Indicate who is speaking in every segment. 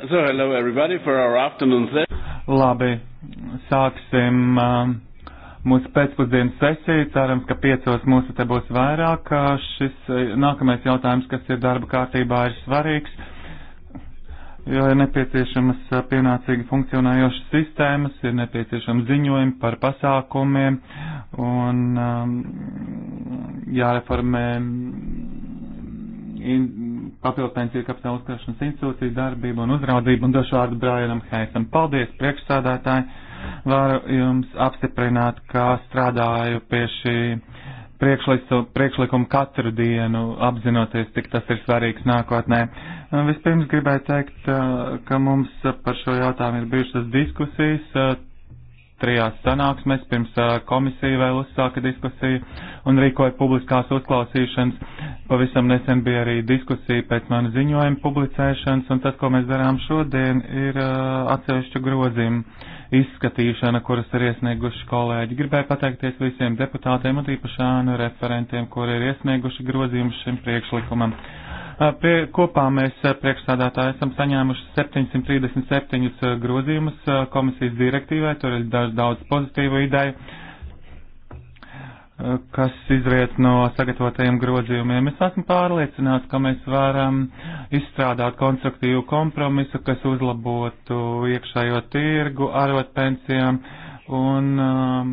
Speaker 1: So, hello everybody for our afternoon session.
Speaker 2: Labi, sāksim um, mūsu pēcpusdienas sesiju. Cerams, ka piecos mūsu te būs vairāk. Uh, šis uh, nākamais jautājums, kas ir darba kārtībā, ir svarīgs, jo ir nepieciešamas uh, pienācīgi funkcionējošas sistēmas, ir nepieciešams ziņojumi par pasākumiem un um, jāreformē. Mm, in, papildu pensiju kapitāla uzkrāšanas institūciju darbību un uzraudzību un došu vārdu Brianam Heisam. Paldies, priekšsādātāji! Varu jums apstiprināt, kā strādāju pie šī priekšlikuma katru dienu, apzinoties, cik tas ir svarīgs nākotnē. Vispirms gribēju teikt, ka mums par šo jautājumu ir bijušas diskusijas trijās sanāksmēs, pirms komisija vēl uzsāka diskusiju un rīkoja publiskās uzklausīšanas. Pavisam nesen bija arī diskusija pēc manas ziņojuma publicēšanas, un tas, ko mēs darām šodien, ir atsevišķu grozījumu izskatīšana, kuras ir iesnieguši kolēģi. Gribēju pateikties visiem deputātiem un īpašānu referentiem, kuri ir iesnieguši grozījumus šim priekšlikumam. Pie kopā mēs priekšstādātāji esam saņēmuši 737 grozījumus komisijas direktīvai, tur ir daudz, daudz pozitīvu ideju, kas izriet no sagatavotajiem grozījumiem. Es esmu pārliecināts, ka mēs varam izstrādāt konstruktīvu kompromisu, kas uzlabotu iekšējo tirgu, arotpensijām. pensijām un um,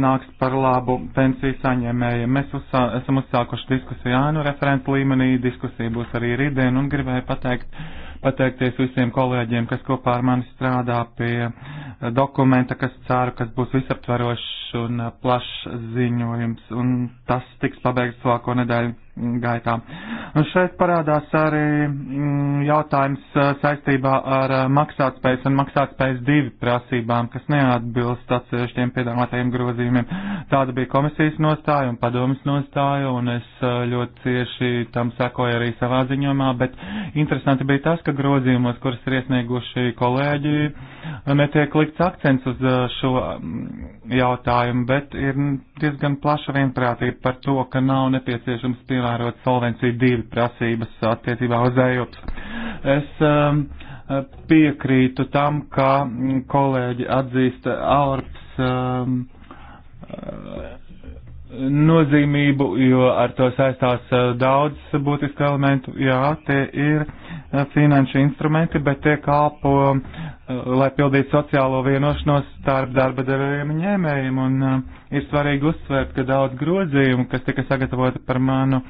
Speaker 2: nāks par labu pensiju saņēmējiem. Mēs uzsā, esam uzsākuši diskusiju ānu referentu līmenī, diskusija būs arī rītdien un gribēju pateikt, pateikties visiem kolēģiem, kas kopā ar mani strādā pie eh, dokumenta, kas ceru, kas būs visaptverošs un eh, plašs ziņojums, un tas tiks pabeigts vēlāko nedēļu gaitā. Un šeit parādās arī mm, jautājums uh, saistībā ar uh, maksātspējas un maksātspējas divi prasībām, kas neatbilst atsevišķiem piedāvātajiem grozījumiem. Tāda bija komisijas nostāja un padomas nostāja, un es uh, ļoti cieši tam sekoju arī savā ziņomā, bet interesanti bija tas, ka grozījumos, kuras ir iesnieguši kolēģi, netiek likts akcents uz šo jautājumu, bet ir diezgan plaša vienprātība par to, ka nav nepieciešams pievērot solvenciju divi prasības attiecībā uz ejops. Es piekrītu tam, ka kolēģi atzīst ārps nozīmību, jo ar to saistās eh, daudz būtisku elementu. Jā, tie ir eh, finanšu instrumenti, bet tie kalpo, eh, lai pildītu sociālo vienošanos starp darba devējiem un ņēmējiem. Un ir svarīgi uzsvērt, ka daudz grozījumu, kas tika sagatavoti par manu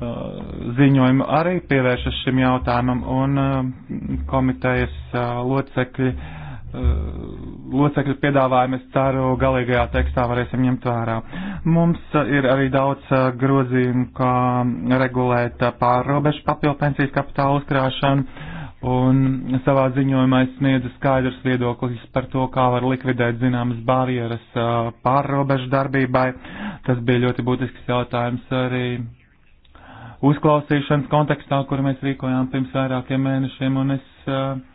Speaker 2: ziņojumu, arī pievēršas šim jautājumam un komitejas locekļi Eh, locekļu piedāvājumu es ceru galīgajā tekstā varēsim ņemt vērā. Mums eh, ir arī daudz eh, grozījumu, kā regulēt pārrobežu papildu pensijas kapitāla uzkrāšanu, un savā ziņojumā es sniedzu skaidrs viedoklis par to, kā var likvidēt zināmas barjeras pārrobežu darbībai. Tas bija ļoti būtisks jautājums arī uzklausīšanas kontekstā, kuru mēs rīkojām pirms vairākiem mēnešiem, un es uh,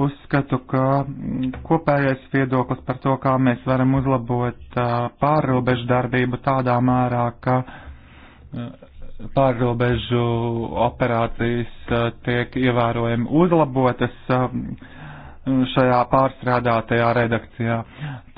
Speaker 2: uzskatu, ka mm, kopējais viedoklis par to, kā mēs varam uzlabot pārrobežu darbību tādā mērā, ka pārrobežu operācijas tiek ievērojami uzlabotas šajā pārstrādātajā redakcijā.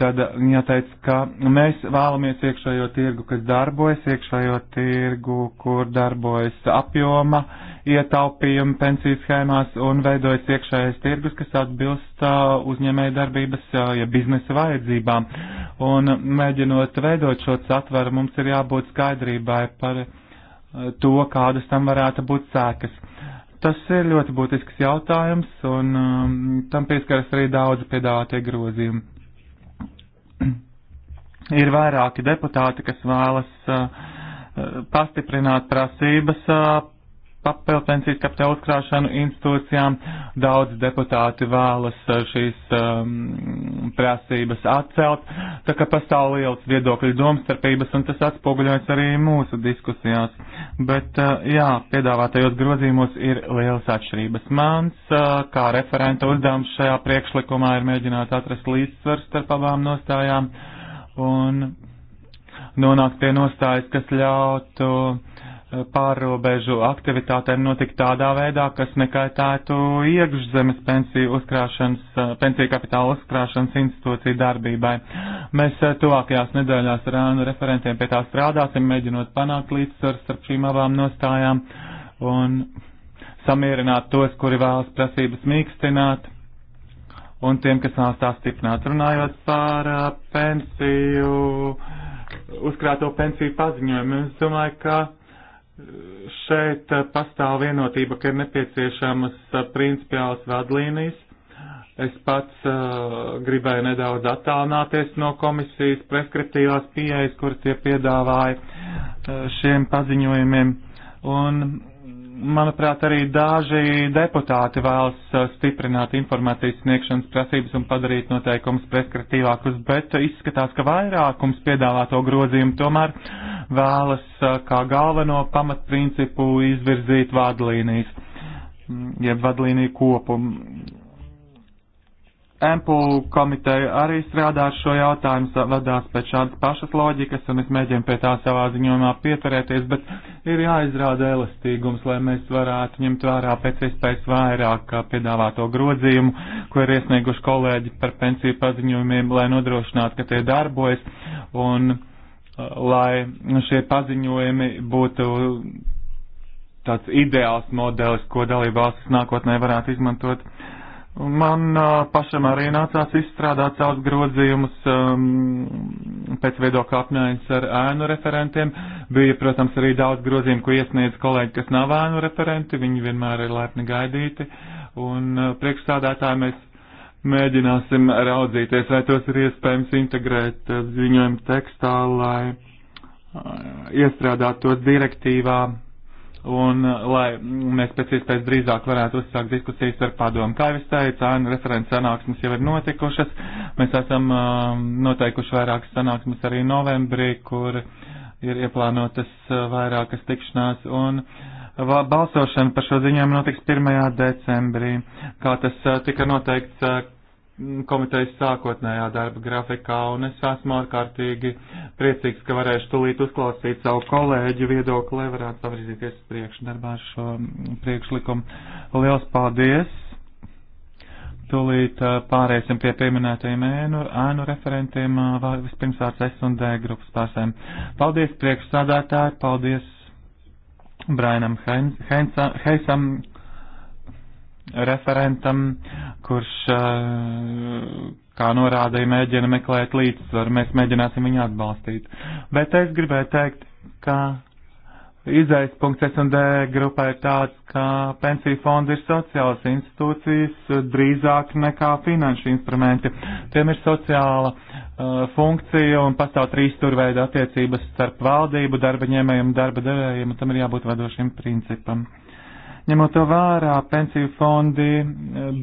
Speaker 2: Tad jāteic, ka mēs vēlamies iekšējo tirgu, kas darbojas, iekšējo tirgu, kur darbojas apjoma, uh, ietaupījumi pensiju schēmās un veidojas iekšējais tirgus, kas atbilst uh, uzņēmēja darbības, uh, ja biznesa vajadzībām. Un mēģinot veidot šo satveru, mums ir jābūt skaidrībai par uh, to, kādas tam varētu būt sēkas. Tas ir ļoti būtisks jautājums, un um, tam pieskaras arī daudzi piedāvātie grozījumi. ir vairāki deputāti, kas vēlas uh, pastiprināt prasības uh, papelpensijas kapitāla uzkrāšanu institūcijām. Daudz deputāti vēlas uh, šīs um, prasības atcelt, tā ka pastāv liels viedokļu domstarpības, un tas atspoguļojas arī mūsu diskusijās. Bet, uh, jā, piedāvātajos grozījumos ir liels atšķirības. Mans, uh, kā referenta uzdevums šajā priekšlikumā, ir mēģināt atrast līdzsvaru starp abām nostājām un nonākt pie nostājas, kas ļautu uh, pārrobežu aktivitātēm notikt tādā veidā, kas nekaitētu iekšzemes pensiju uzkrāšanas, eh, pensiju kapitāla uzkrāšanas institūciju darbībai. Mēs eh, tuvākajās nedēļās ar ānu referentiem pie tā strādāsim, mēģinot panākt līdzsvaru starp šīm abām nostājām un samierināt tos, kuri vēlas prasības mīkstināt, un tiem, kas vēlas tās stiprināt. Runājot par eh, pensiju, uzkrāto pensiju paziņojumu, es domāju, ka Šeit eh, pastāv vienotība, ka ir nepieciešamas eh, principiālas vadlīnijas. Es pats uh, gribēju nedaudz attālināties no komisijas preskriptīvās pieejas, kuras tie piedāvāja uh, šiem paziņojumiem. Un manuprāt, arī daži deputāti vēlas uh, stiprināt informācijas sniegšanas prasības un padarīt noteikumus preskatīvākus, bet izskatās, ka vairākums piedāvāto grozījumu tomēr vēlas uh, kā galveno pamatprincipu izvirzīt vadlīnijas, mm, jeb vadlīniju kopumu Empulu komiteja arī strādā ar šo jautājumu, vadās pēc šādas pašas loģikas, un es mēģinu pie tā savā ziņojumā pieturēties, bet ir jāizrāda elastīgums, lai mēs varētu ņemt vērā pēc iespējas vairāk piedāvāto grozījumu, ko ir iesnieguši kolēģi par pensiju paziņojumiem, lai nodrošinātu, ka tie darbojas, un uh, lai šie paziņojumi būtu tāds ideāls modelis, ko dalībvalstis nākotnē varētu izmantot. Uh, Man uh, pašam arī nācās izstrādāt savus grozījumus um, pēc viedokļa apmaiņas ar ēnu referentiem. Bija, protams, arī daudz grozījumu, ko iesniedz kolēģi, kas nav ēnu referenti. Viņi vienmēr ir laipni gaidīti. Un uh, priekšstādātāji mēs mēģināsim raudzīties, vai tos ir iespējams integrēt uh, ziņojumu tekstā, lai uh, iestrādāt tos direktīvā un uh, lai mēs pēc iespējas drīzāk varētu uzsākt diskusijas ar padomu. Kā jau es teicu, ēnu referents sanāksmes jau ir notikušas, mēs esam uh, noteikuši vairākas sanāksmes arī novembrī, kur ir ieplānotas uh, vairākas tikšanās, un uh, balsošana par šo ziņojumu notiks 1. decembrī, kā tas uh, tika noteikts uh, Mm, komitejas sākotnējā darba grafikā, un es esmu ārkārtīgi priecīgs, ka varēšu tūlīt uzklausīt savu kolēģu viedokli, lai varētu pavirzīties priekšdarbā ar šo mm, priekšlikumu. Liels paldies! Tūlīt pārēsim pie pieminētajiem ēnu, ēnu referentiem, vispirms vārds S un D grupas pārsēm. Paldies priekšsādātāji, paldies Brainam Heisam. Heinz, referentam, kurš, eh, kā norādīja, mēģina meklēt līdzsvaru. Mēs mēģināsim viņu atbalstīt. Bet es gribēju teikt, ka Izaisa punkts S&D grupā ir tāds, ka pensiju fondi ir sociālas institūcijas drīzāk nekā finanšu instrumenti. Tiem ir sociāla uh, funkcija un pastāv trīs turveida attiecības starp valdību, darba ņēmējiem, darba devējiem, un tam ir jābūt vadošiem principam. Uh, Ņemot to vērā, pensiju fondi eh,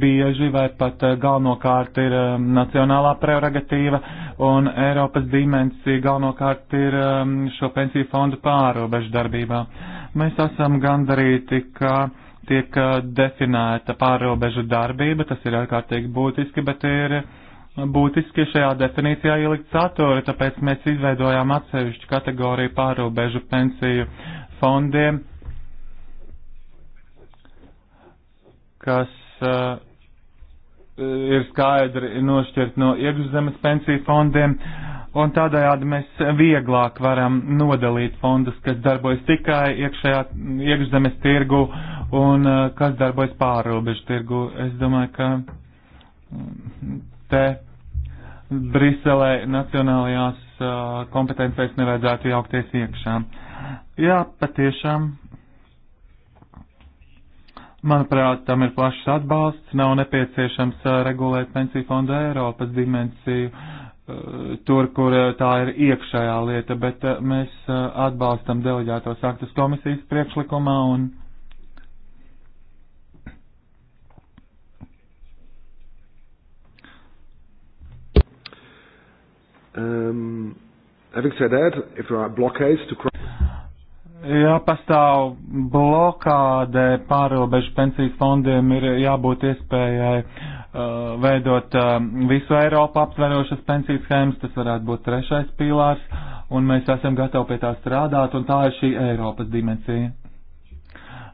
Speaker 2: bieži vai pat eh, galvenokārt ir eh, nacionālā prerogatīva, un Eiropas dimensija galvenokārt ir šo pensiju fondu pārobežu darbībā. Mēs esam gandarīti, ka tiek definēta pārobežu darbība, tas ir ārkārtīgi būtiski, bet ir būtiski šajā definīcijā ielikt saturi, tāpēc mēs izveidojām atsevišķu kategoriju pārobežu pensiju fondiem kas uh, ir skaidri nošķirt no iekšzemes pensiju fondiem, un tādējādi mēs vieglāk varam nodalīt fondus, kas darbojas tikai iekšējā iekšzemes tirgu un uh, kas darbojas pārrobežu tirgu. Es domāju, ka mm, te Briselē nacionālajās uh, kompetencijas nevajadzētu jaukties iekšā. Jā, patiešām Manuprāt, tam ir plašs atbalsts, nav nepieciešams uh, regulēt pensiju fondu Eiropas dimensiju, uh, tur, kur uh, tā ir iekšējā lieta, bet mēs atbalstam deleģētos aktus komisijas priekšlikumā un.
Speaker 3: Um, having said that, if there are blockades to
Speaker 2: Ja pastāv blokāde pārobežu pensiju fondiem, ir jābūt iespējai uh, veidot uh, visu Eiropu aptverošas pensiju schēmas, tas varētu būt trešais pīlārs, un mēs esam gatavi pie tā strādāt, un tā ir šī Eiropas dimensija.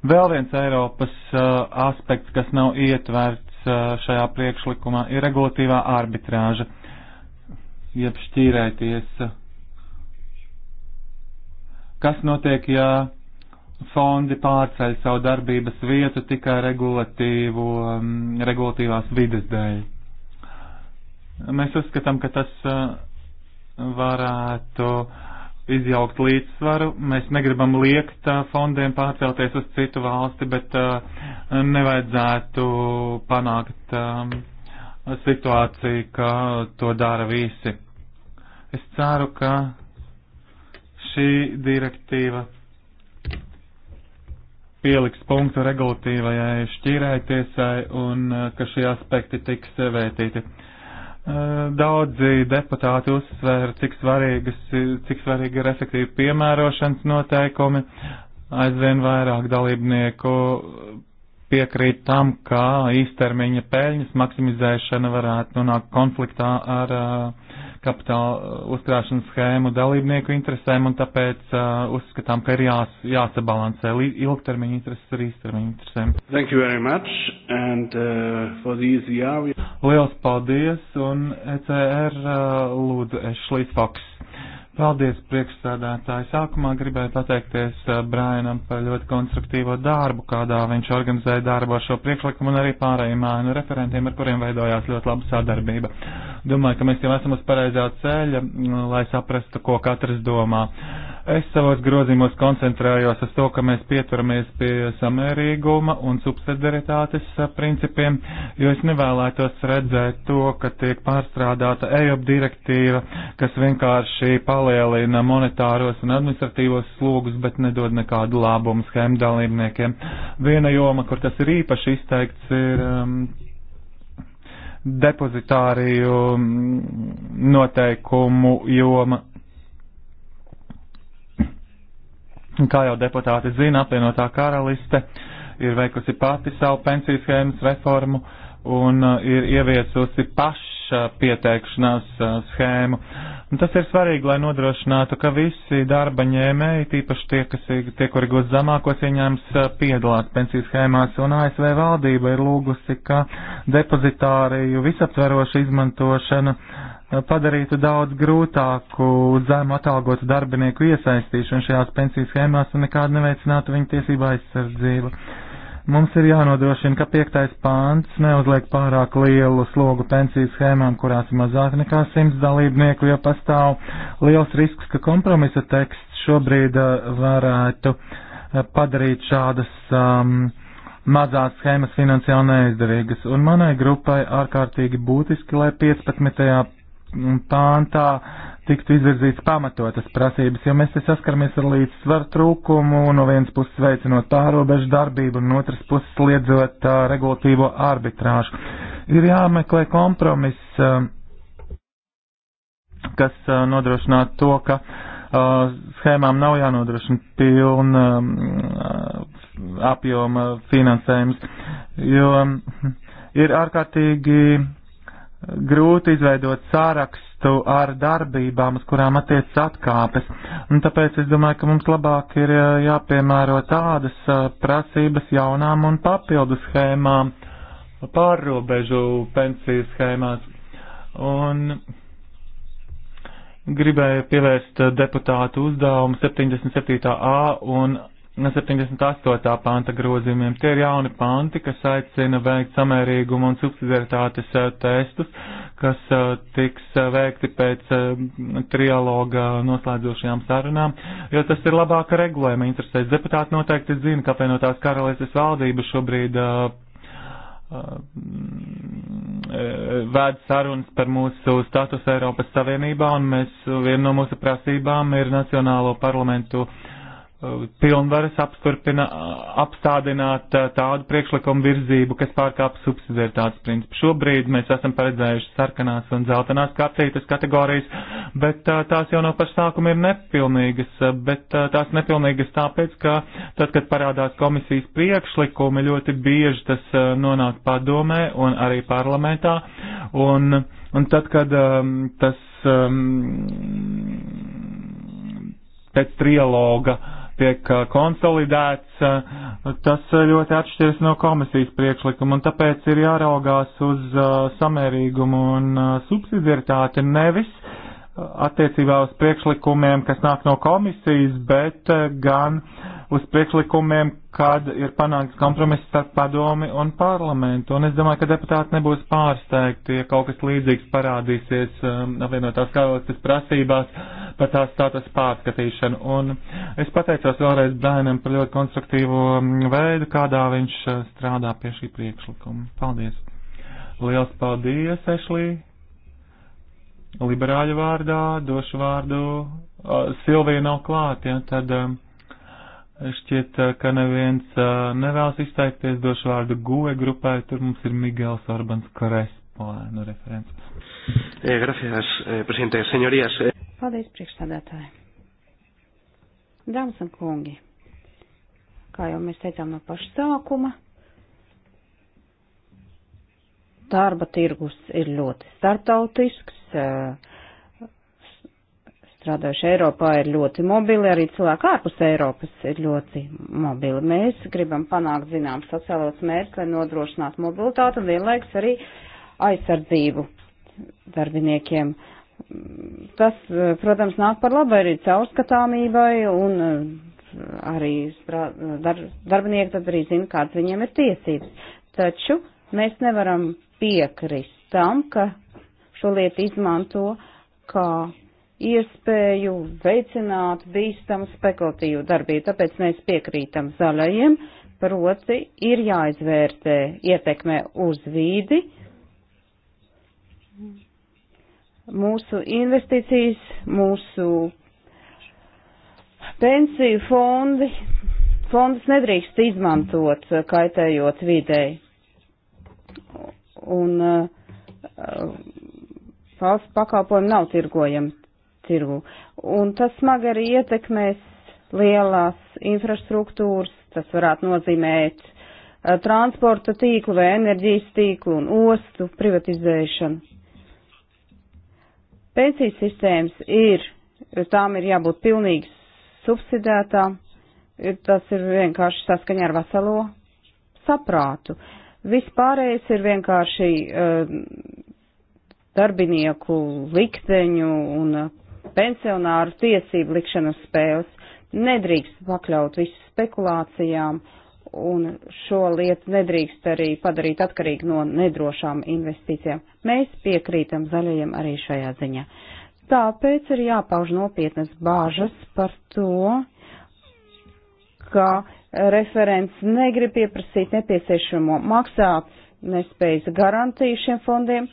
Speaker 2: Vēl viens Eiropas uh, aspekts, kas nav ietverts uh, šajā priekšlikumā, ir regulatīvā arbitrāža, jeb šķīrēties. Uh, Kas notiek, ja fondi pārceļ savu darbības vietu tikai regulatīvu, um, regulatīvās vides dēļ? Mēs uzskatām, ka tas uh, varētu izjaukt līdzsvaru. Mēs negribam liekt uh, fondiem pārcelties uz citu valsti, bet uh, nevajadzētu panākt um, situāciju, ka to dara visi. Es ceru, ka šī direktīva pieliks punktu regulatīvajai šķīrētiesai un eh, ka šie aspekti tiks vērtīti. Eh, daudzi deputāti uzsvēra, cik, svarīgas, cik svarīga ir efektīva piemērošanas noteikumi. Aizvien vairāk dalībnieku piekrīt tam, ka īstermiņa peļņas maksimizēšana varētu nonākt konfliktā ar uh, kapitāla uh, uzkrāšanas schēmu dalībnieku interesēm, un tāpēc uh, uzskatām, ka ir jās, jāsabalansē ilgtermiņa intereses ar īstermiņa interesēm.
Speaker 4: Thank you very much, and uh, for the ECR.
Speaker 2: Liels paldies, un
Speaker 4: ECR uh,
Speaker 2: lūdzu Ešlīs Foks. Paldies, priekšsādātāji. Sākumā gribēju pateikties eh, Brainam par ļoti konstruktīvo darbu, kādā viņš organizēja darbu ar šo priekšlikumu un arī pārējiem ēnu referentiem, ar kuriem veidojās ļoti laba sadarbība. Domāju, ka mēs jau esam uz pareizā ceļa, lai saprastu, ko katrs domā. Es savos grozījumos koncentrējos uz to, ka mēs pieturamies pie samērīguma un subsidiaritātes eh, principiem, jo es nevēlētos redzēt to, ka tiek pārstrādāta EIOP direktīva, kas vienkārši palielina monetāros un administratīvos slogus, bet nedod nekādu labumu schēmu dalībniekiem. Viena joma, kur tas ir īpaši izteikts, ir. Um, depozitāriju mm, noteikumu joma Kā jau deputāti zina, apvienotā karaliste ir veikusi pati savu pensiju schēmas reformu un uh, ir ieviesusi paša pieteikšanās uh, schēmu. Un tas ir svarīgi, lai nodrošinātu, ka visi darba ņēmēji, tīpaši tie, kas ir, tie, kuri gūst zemākos ieņēmums, uh, piedalās pensiju schēmās, un ASV valdība ir lūgusi, ka depozitāriju visaptveroša izmantošana uh, Eh, padarītu daudz grūtāku zemu atalgotu darbinieku iesaistīšanu šajās pensiju schēmās un nekādu neveicinātu viņu tiesību aizsardzību. Mums ir jānodrošina, ka piektais pāns neuzliek pārāk lielu slogu pensiju schēmām, kurās ir mazāk nekā simts dalībnieku, jo pastāv liels risks, ka kompromisa teksts šobrīd eh, varētu eh, padarīt šādas um, mazās schēmas finansiāli neizdevīgas, un manai grupai ārkārtīgi būtiski, lai 15 pāntā tiktu izvirzīts pamatotas prasības, jo mēs te saskaramies ar līdzsvaru trūkumu, no vienas puses veicinot tārobežu darbību, un otras puses liedzot uh, regulatīvo arbitrāžu. Ir jāmeklē kompromis, uh, kas uh, nodrošinātu to, ka uh, schēmām nav jānodrošina pilna uh, apjoma finansējums, jo um, ir ārkārtīgi grūti izveidot sārakstu ar darbībām, uz kurām attiecas atkāpes. Un tāpēc es domāju, ka mums labāk ir jāpiemēro tādas prasības jaunām un papildu schēmām, pārrobežu pensiju schēmās. Un gribēju pievērst deputātu uzdevumu 77a un 78. panta grozījumiem. Tie ir jauni panti, kas aicina veikt samērīgumu un subsidiaritātes eh, testus, kas eh, tiks eh, veikti pēc trialoga noslēdzošajām sarunām, jo tas ir labāka regulējuma interesēs. Deputāti noteikti zina, ka apvienotās karalistes valdība šobrīd vēd sarunas par mūsu statusu Eiropas Savienībā, un mēs, viena no mūsu prasībām ir Nacionālo parlamentu uh, Uh, pilnvaras uh, apstādināt uh, tādu priekšlikumu virzību, kas pārkāp subsidiaritātes principu. Šobrīd mēs esam paredzējuši sarkanās un dzeltenās kartītes kategorijas, bet tās jau no paša sākuma ir nepilnīgas, bet tās nepilnīgas tāpēc, ka tad, kad parādās komisijas priekšlikumi, ļoti bieži tas nonāk padomē un arī parlamentā, un, un tad, kad um, tas um, pēc trialoga tiek konsolidēts, tas ļoti atšķiras no komisijas priekšlikuma, un tāpēc ir jāraugās uz samērīgumu un subsidiaritāti nevis uh, attiecībā uz priekšlikumiem, kas nāk no komisijas, bet eh, gan uz priekšlikumiem, kad ir panākts kompromiss starp padomi un parlamentu. Un es domāju, ka deputāti nebūs pārsteigti, ja kaut kas līdzīgs parādīsies um, apvienotās karalistes prasībās par tās status pārskatīšanu. Un es pateicos vēlreiz Dainam par ļoti konstruktīvo um, veidu, kādā viņš uh, strādā pie šī priekšlikuma. Paldies! Liels paldies, Ešlī! liberāļu vārdā, došu vārdu, uh, Silvija nav klāt, ja, tad um, šķiet, ka neviens uh, nevēlas izteikties, došu vārdu GUE grupai, tur mums ir Migels Orbans Korespo, nu referents.
Speaker 4: Eh, gracias, eh, presidente, señorías. Eh. Paldies, priekšstādātāji. Dāmas un kungi, kā jau mēs teicām no paša sākuma, darba tirgus ir ļoti startautisks, eh, strādājuši Eiropā ir ļoti mobili, arī cilvēki ārpus Eiropas ir ļoti mobili. Mēs gribam panākt zinām sociālos mērķus, lai nodrošinātu mobilitāti un vienlaiks arī aizsardzību darbiniekiem. Tas, eh, protams, nāk par labu arī caurskatāmībai un eh, arī dar, darbinieki tad arī zina, kāds viņiem ir tiesības. Taču mēs nevaram piekrist tam, ka šo lietu izmanto kā iespēju veicināt bīstamu spekulatīvu darbību. Tāpēc mēs piekrītam zaļajiem, proti ir jāizvērtē ietekme uz vīdi. Mūsu investīcijas, mūsu pensiju fondi, fondus nedrīkst izmantot kaitējot videi un eh, eh, valsts pakalpojumi nav tirgojami tirgu. Un tas smagi arī ietekmēs lielās infrastruktūras, tas varētu nozīmēt eh, transporta tīklu vai enerģijas tīklu un ostu privatizēšanu. Pensijas sistēmas ir, tām ir jābūt pilnīgi subsidētām, tas ir vienkārši saskaņā ar veselo saprātu. Uh, Vispārējais ir vienkārši uh, darbinieku likteņu un eh, pensionāru tiesību likšanas spēles. Nedrīkst pakļaut visu spekulācijām un šo lietu nedrīkst arī padarīt atkarīgi no nedrošām investīcijām. Mēs piekrītam zaļajiem arī šajā ziņā. Tāpēc ir jāpauž nopietnas bāžas par to, ka referents negrib pieprasīt nepieciešamo maksāt nespējas garantiju šiem fondiem,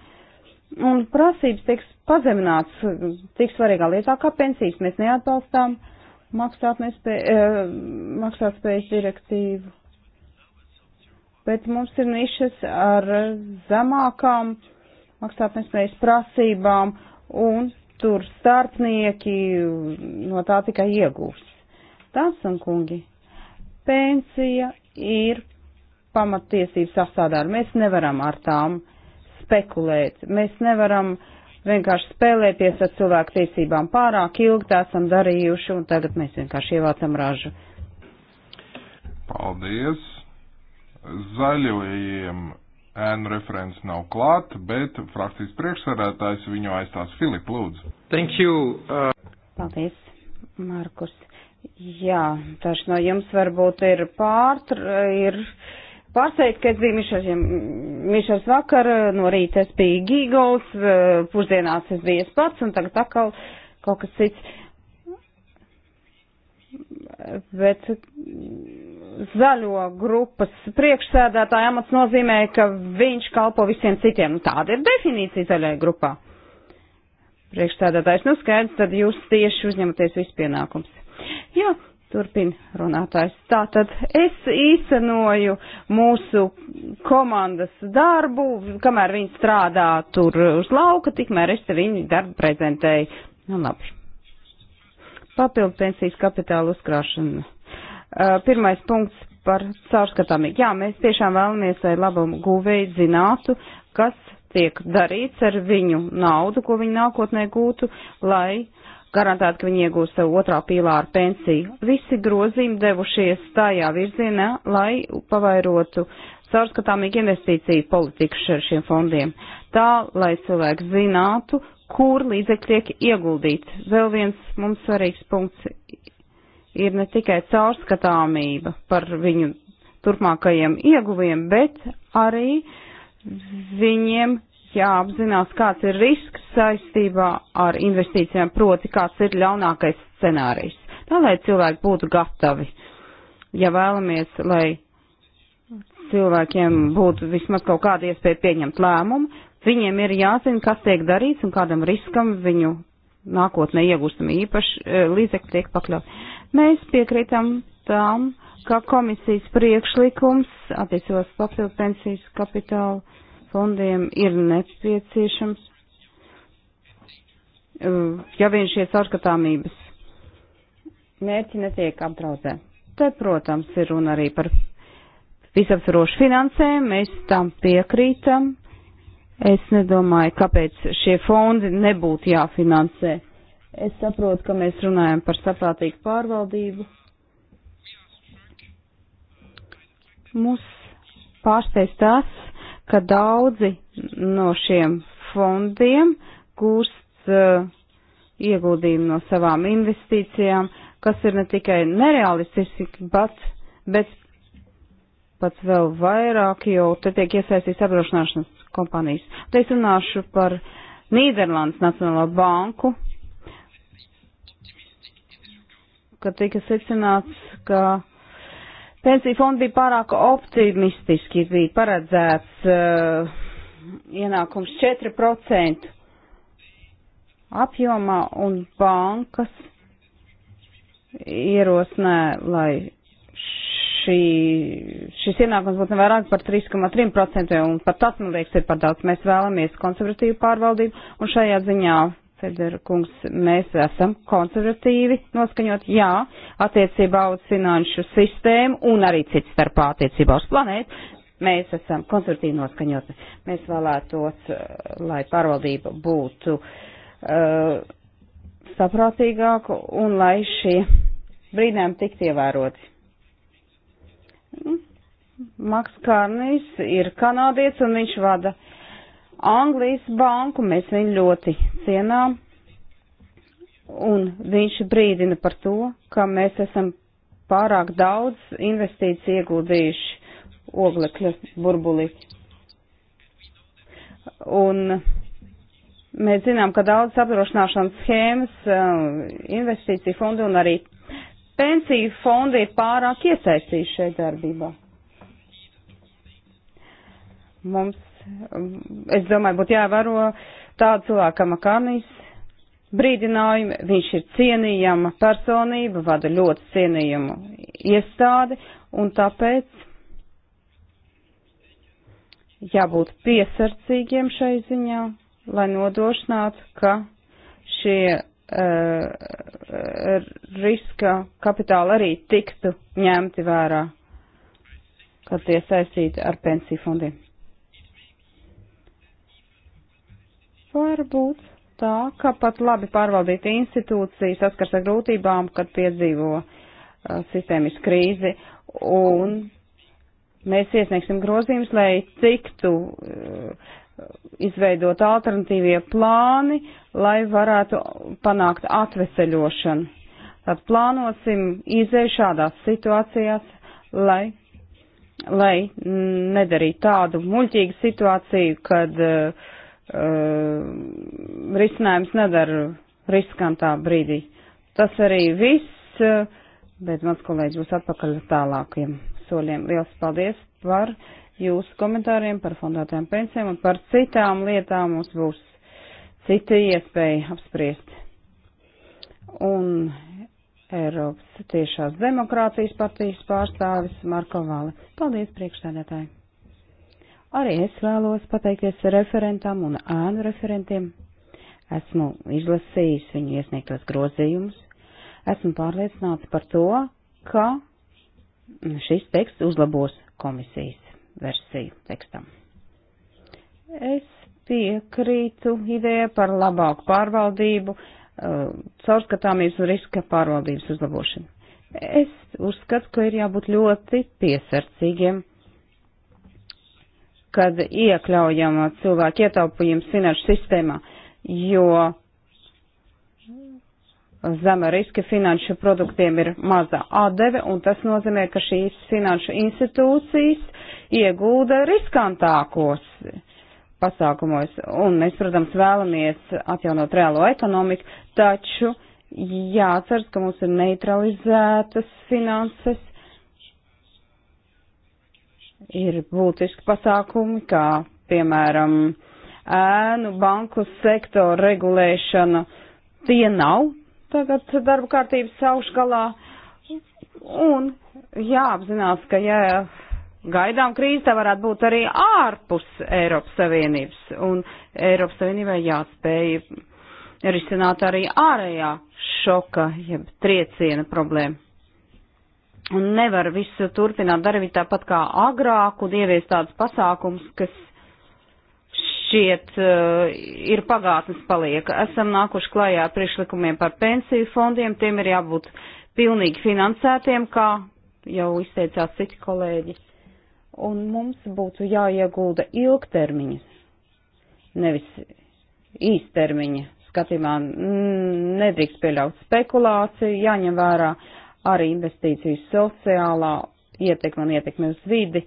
Speaker 4: un prasības tiks pazemināts tik svarīgā lietā, kā pensijas mēs neatbalstām maksāt, nespē, eh, maksāt spējas direktīvu. Bet mums ir nišas ar zemākām maksātnespējas prasībām, un tur starpnieki no tā tikai iegūst. Tas un kungi, Pensija ir pamatiesības sastāvdaļa. Mēs nevaram ar tām spekulēt. Mēs nevaram vienkārši spēlēties ar cilvēku tiesībām. Pārāk ilgi tā esam darījuši, un tagad mēs vienkārši ievācam ražu.
Speaker 1: Paldies! Zaļajiem ēnu referents nav klāt, bet frakcijas priekšsarētājs viņu aizstās Filip Lūdzu. Thank you! Uh...
Speaker 4: Paldies, Markus! Jā, taču no jums varbūt ir pārtr, ir pārsteigt, ka es biju mišas, ja, mišas vakar, no rīta es biju gīgauts, pusdienās es biju es pats un tagad atkal kaut kas cits. Bet zaļo grupas priekšsēdētāja amats nozīmē, ka viņš kalpo visiem citiem. Nu, tāda ir definīcija zaļajai grupā. Priekšsēdētājs, nu skaidrs, tad jūs tieši uzņematies visu pienākums. Jā, turpina runātājs. Tātad es īstenoju mūsu komandas darbu, kamēr viņi strādā tur uz lauka, tikmēr es te viņu darbu prezentēju. Nu, labi. Papildu pensijas kapitāla uzkrāšana. Uh, pirmais punkts par caurskatāmību. Jā, mēs tiešām vēlamies, lai labam guvēji zinātu, kas tiek darīts ar viņu naudu, ko viņi nākotnē gūtu, lai uh, garantēt, ka viņi iegūs savu otrā pīlāra pensiju. Visi grozījumi devušies tajā virzienā, lai pavairotu caurskatāmīgu investīciju politiku ar šiem fondiem. Tā, lai cilvēki zinātu, kur līdzekļi tiek ieguldīti. Vēl viens mums svarīgs punkts ir ne tikai caurskatāmība par viņu turpmākajiem ieguviem, bet arī viņiem jāapzinās, kāds ir risks saistībā ar investīcijām, proti, kāds ir ļaunākais scenārijs. Tā, lai cilvēki būtu gatavi, ja vēlamies, lai cilvēkiem būtu vismaz kaut kāda iespēja pieņemt lēmumu, viņiem ir jāzina, kas tiek darīts un kādam riskam viņu nākotnē iegūstami īpaši e, līdzekļi tiek pakļaut. Mēs piekrītam tām, ka komisijas priekšlikums attiecībās papildu pensijas kapitālu fondiem ir nepieciešams, eh, ja vien šie sarkatāmības mērķi netiek apdraudē. Te, protams, ir runa arī par visaptvarošu finansēm, mēs tam piekrītam. Es nedomāju, kāpēc šie fondi nebūtu jāfinansē. Es saprotu, ka mēs runājam par saprātīgu pārvaldību. Mūs pārsteidz tas, ka daudzi no šiem fondiem gūst uh, ieguldījumu no savām investīcijām, kas ir ne tikai nerealistiski, bet, bet pats vēl vairāk, jo te tiek iesaistīts apdrošināšanas kompānijas. Te es runāšu par Nīderlandes Nacionālo banku, ka tika secināts, ka Pensiju fondi bija pārāk optimistiski, bija paredzēts uh, ienākums 4% apjomā un bankas ierosnē, lai šī, šis ienākums būtu nevairāk par 3,3% un pat tas, man liekas, ir par daudz. Mēs vēlamies konservatīvu pārvaldību un šajā ziņā Federa kungs, mēs esam konservatīvi noskaņot, jā, attiecībā uz finanšu sistēmu un arī cits starpā attiecībā uz planētu. Mēs esam konservatīvi noskaņoti. Mēs vēlētos, eh, lai pārvaldība būtu uh, saprātīgāka un lai šie brīdinājumi tiktu ievēroti. Nu, Maks Kārnīs ir kanādietis un viņš vada uh, Anglijas banku, mēs viņu ļoti cienām, un viņš brīdina par to, ka mēs esam pārāk daudz investīciju ieguldījuši oglekļa burbulī. Un mēs zinām, ka daudz apdrošināšanas schēmas, um, investīciju fondu un arī pensiju fondi ir pārāk iesaistījuši šeit darbībā. Mums, um, es domāju, būtu jāvēro tādu cilvēku kā Makarnijas brīdinājumi. Viņš ir cienījama personība, vada ļoti cienījumu iestādi, un tāpēc jābūt piesardzīgiem šai ziņā, lai nodrošinātu, ka šie uh, riska kapitāli arī tiktu ņemti vērā, kad tie saistīti ar pensiju fondiem. Varbūt tā, ka pat labi pārvaldīta institūcija saskars ar grūtībām, kad piedzīvo uh, sistēmisku krīzi, un mēs iesniegsim grozījumus, lai tiktu uh, izveidot alternatīvie plāni, lai varētu panākt atveseļošanu. Tad plānosim izēju šādās situācijās, lai, lai nedarītu tādu muļķīgu situāciju, kad uh, uh, risinājums nedara riskantā brīdī. Tas arī viss, uh, bet mans kolēģis būs atpakaļ tālākiem soļiem. Liels paldies par jūsu komentāriem, par fondētām pensijām un par citām lietām mums būs cita iespēja apspriest. Un Eiropas tiešās demokrātijas partijas pārstāvis Marko Vāli. Paldies, priekšstādētāji! Arī es vēlos pateikties referentam un ānu referentiem. Esmu izlasījis viņu iesniegtos grozījumus. Esmu pārliecināts par to, ka šis teksts uzlabos komisijas versiju tekstam. Es piekrītu ideja par labāku pārvaldību, eh, caurskatāmies un riska pārvaldības uzlabošanu. Es uzskatu, ka ir jābūt ļoti piesardzīgiem kad iekļaujam cilvēku ietaupījumu finanšu sistēmā, jo zema riska finanšu produktiem ir maza atdeve, un tas nozīmē, ka šīs finanšu institūcijas iegūda riskantākos pasākumos, un mēs, protams, vēlamies atjaunot reālo ekonomiku, taču jāatceras, ka mums ir neutralizētas finanses, ir būtiski pasākumi, kā piemēram ēnu banku sektoru regulēšana. Tie nav tagad darba kārtības augšgalā. Un jāapzinās, ka ja gaidām krīze, tā varētu būt arī ārpus Eiropas Savienības. Un Eiropas Savienībai jāspēj risināt arī ārējā šoka, jeb trieciena problēma un nevar visu turpināt darīt tāpat kā agrāk un ieviest tādus pasākums, kas šķiet uh, ir pagātnes palieka. Esam nākuši klajā priekšlikumiem par pensiju fondiem, tiem ir jābūt pilnīgi finansētiem, kā jau izteicās citi kolēģi. Un mums būtu jāiegulda ilgtermiņa, nevis īstermiņa skatījumā. Nedrīkst pieļaut spekulāciju, jāņem vērā arī investīciju sociālā ietekme un ietekme uz vidi.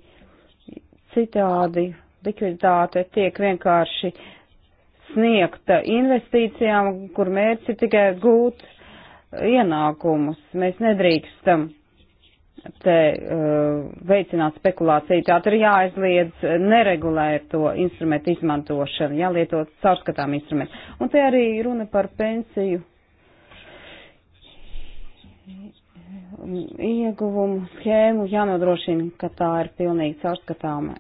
Speaker 4: Citādi likviditāte tiek vienkārši sniegta investīcijām, kur mērķis ir tikai gūt ienākumus. Mēs nedrīkstam te uh, veicināt spekulāciju. Tātad ir jāaizliedz neregulēt to instrumentu izmantošanu, jālietot caurskatām instrumentu. Un te arī runa par pensiju ieguvumu schēmu jānodrošina, ka tā ir pilnīgi caurskatāma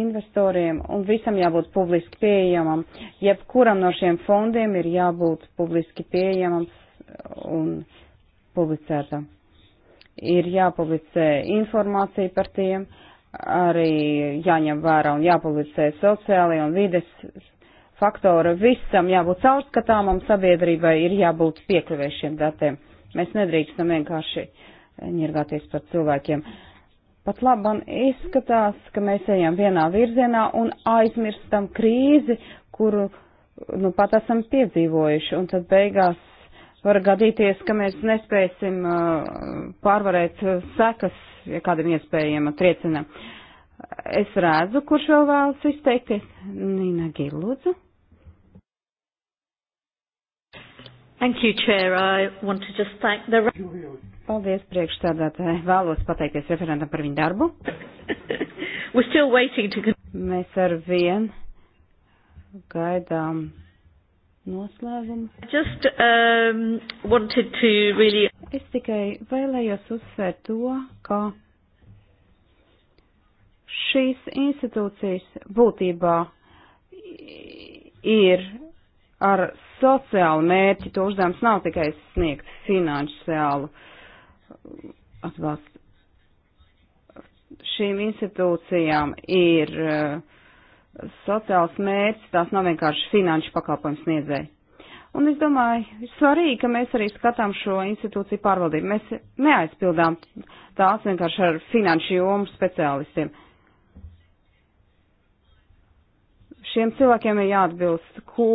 Speaker 4: investoriem un visam jābūt publiski pieejamam. Jebkuram no šiem fondiem ir jābūt publiski pieejamams un publicētam. Ir jāpublicē informācija par tiem, arī jāņem vērā un jāpublicē sociālai un vides faktori. Visam jābūt caurskatāmam, sabiedrībai ir jābūt piekļuvējušiem datiem. Mēs nedrīkstam vienkārši ņirgāties par cilvēkiem. Pat labam izskatās, ka mēs ejam vienā virzienā un aizmirstam krīzi, kuru nu, pat esam piedzīvojuši, un tad beigās var gadīties, ka mēs nespēsim uh, pārvarēt sekas, ja kādam iespējama triecina. Es redzu, kurš vēl vēlas izteikties. Nina Giludzu. Thank you, Chair. I want to just thank the... Paldies priekšstādātāji. Vēlos pateikties referentam par viņu darbu. We're still waiting to... Mēs ar vien gaidām noslēgumu. Just um, wanted to really... Es tikai vēlējos uzsvērt to, ka šīs institūcijas būtībā ir ar sociāli mērķi, to uzdevums nav tikai sniegt finansiālu atbalstu. Šīm institūcijām ir eh, sociāls mērķis, tās nav vienkārši finanšu pakalpojums sniedzēji. Un es domāju, ir svarīgi, ka mēs arī skatām šo institūciju pārvaldību. Mēs neaizpildām tās vienkārši ar finanšu jomu speciālistiem. Šiem cilvēkiem ir jāatbilst ko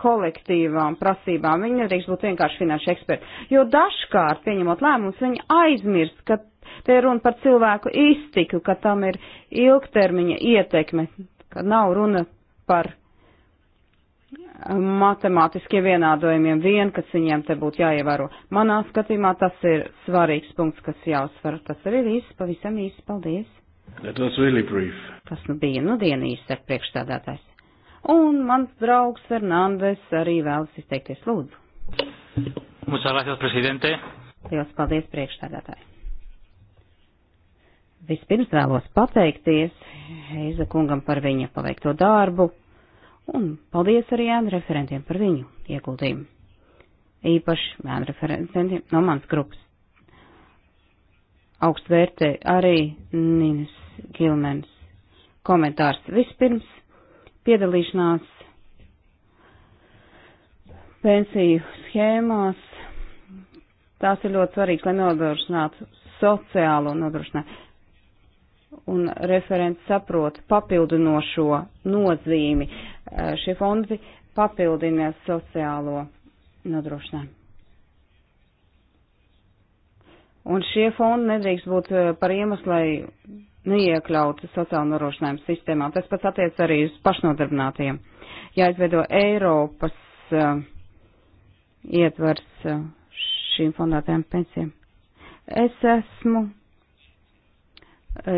Speaker 4: kolektīvām prasībām. Viņi nedrīkst būt vienkārši finanšu eksperti. Jo dažkārt, pieņemot lēmumus, viņi aizmirst, ka te runa par cilvēku iztiku, ka tam ir ilgtermiņa ietekme, ka nav runa par um, matemātiskiem vienādojumiem vien, kas viņiem te būtu jāievēro. Manā skatījumā tas ir svarīgs punkts, kas jāuzsver. Tas arī viss, pavisam īsi, paldies.
Speaker 1: Really brief.
Speaker 4: Tas nu bija nu diena īsi, priekšstādātājs. Un mans draugs Fernandes arī vēlas izteikties lūdzu.
Speaker 2: Muchas gracias, prezidente.
Speaker 4: Lielas paldies priekšstādātāji. Vispirms vēlos pateikties Heiza kungam par viņa paveikto darbu un paldies arī ēnu referentiem par viņu ieguldījumu. Īpaši ēnu referentiem no mans grupas. Augst vērtē arī Nīnes Gilmens komentārs. Vispirms piedalīšanās pensiju schēmās. Tās ir ļoti svarīgas, lai nodrošinātu sociālo nodrošinājumu. Un referents saprot papildinošo nozīmi. Eh, šie fondi papildina sociālo nodrošinājumu. Un šie fondi nedrīkst būt eh, par iemeslu, lai neiekļauti sociāla norošinājuma sistēmā. Tas pats attiec arī uz pašnodarbinātiem. Jāizveido Eiropas uh, ietvars uh, šīm fondētajām pensijām. Es esmu uh,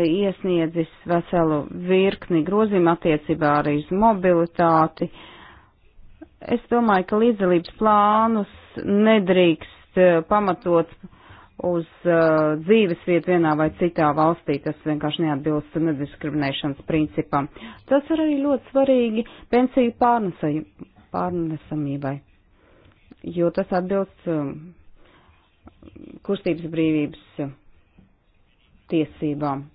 Speaker 4: iesniedzis veselu virkni grozījumu attiecībā arī uz mobilitāti. Es domāju, ka līdzdalības plānus nedrīkst uh, pamatot uh, uz uh, dzīves vietu vienā vai citā valstī, tas vienkārši neatbilst nediskriminēšanas principam. Tas ir arī ļoti svarīgi pensiju pārnesamībai, jo tas atbilst um, kustības brīvības tiesībām.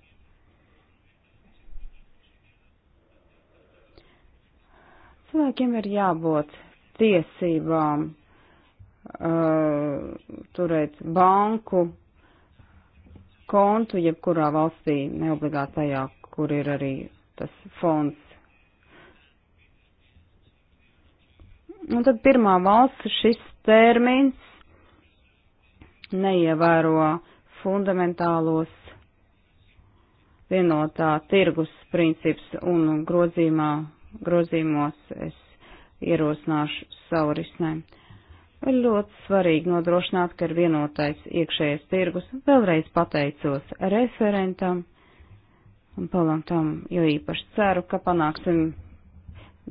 Speaker 4: Cilvēkiem ir jābūt tiesībām uh, turēt banku kontu, jebkurā valstī, neobligāti tajā, kur ir arī tas fonds. Un tad pirmā valsts šis termins neievēro fundamentālos vienotā tirgus princips un grozīmā, grozīmos es ierosināšu savu risinājumu. Ir ļoti svarīgi nodrošināt, ka ir vienotais iekšējais tirgus. Vēlreiz pateicos referentam un palantam, jo īpaši ceru, ka panāksim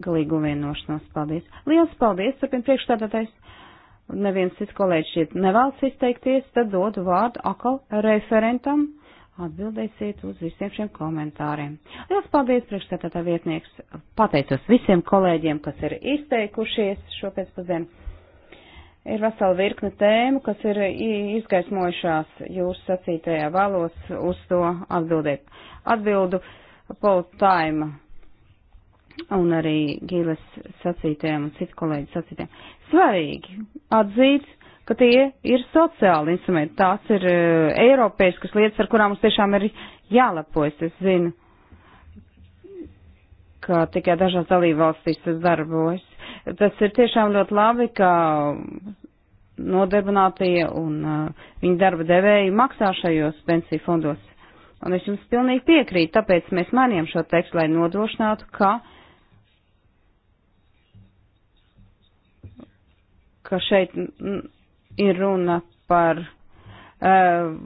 Speaker 4: galīgu vienošanos. Paldies! Liels paldies! Turpin priekšstādātais! Neviens cits kolēģis šeit nevēlas izteikties, tad dodu vārdu akal referentam. Atbildēsiet uz visiem šiem komentāriem. Liels paldies, priekšstādātā vietnieks! Pateicos visiem kolēģiem, kas ir izteikušies šo pēcpusdienu Ir vesela virkne tēmu, kas ir izgaismojušās jūsu sacītajā vēlos uz to atbildēt. Atbildu Paul Taima un arī Gīles sacītajiem un citu kolēģu sacītajiem. Svarīgi atzīt, ka tie ir sociāli instrumenti, tās ir uh, e, eiropeiskas lietas, ar kurām mums tiešām ir jālepojas. Es zinu, ka tikai dažās dalībvalstīs tas darbojas. Tas ir tiešām ļoti labi, ka nodarbinātie un uh, viņa darba devēji maksā šajos pensiju fondos. Un es jums pilnīgi piekrītu, tāpēc mēs mainījām šo tekstu, lai nodrošinātu, ka, ka šeit ir runa par uh,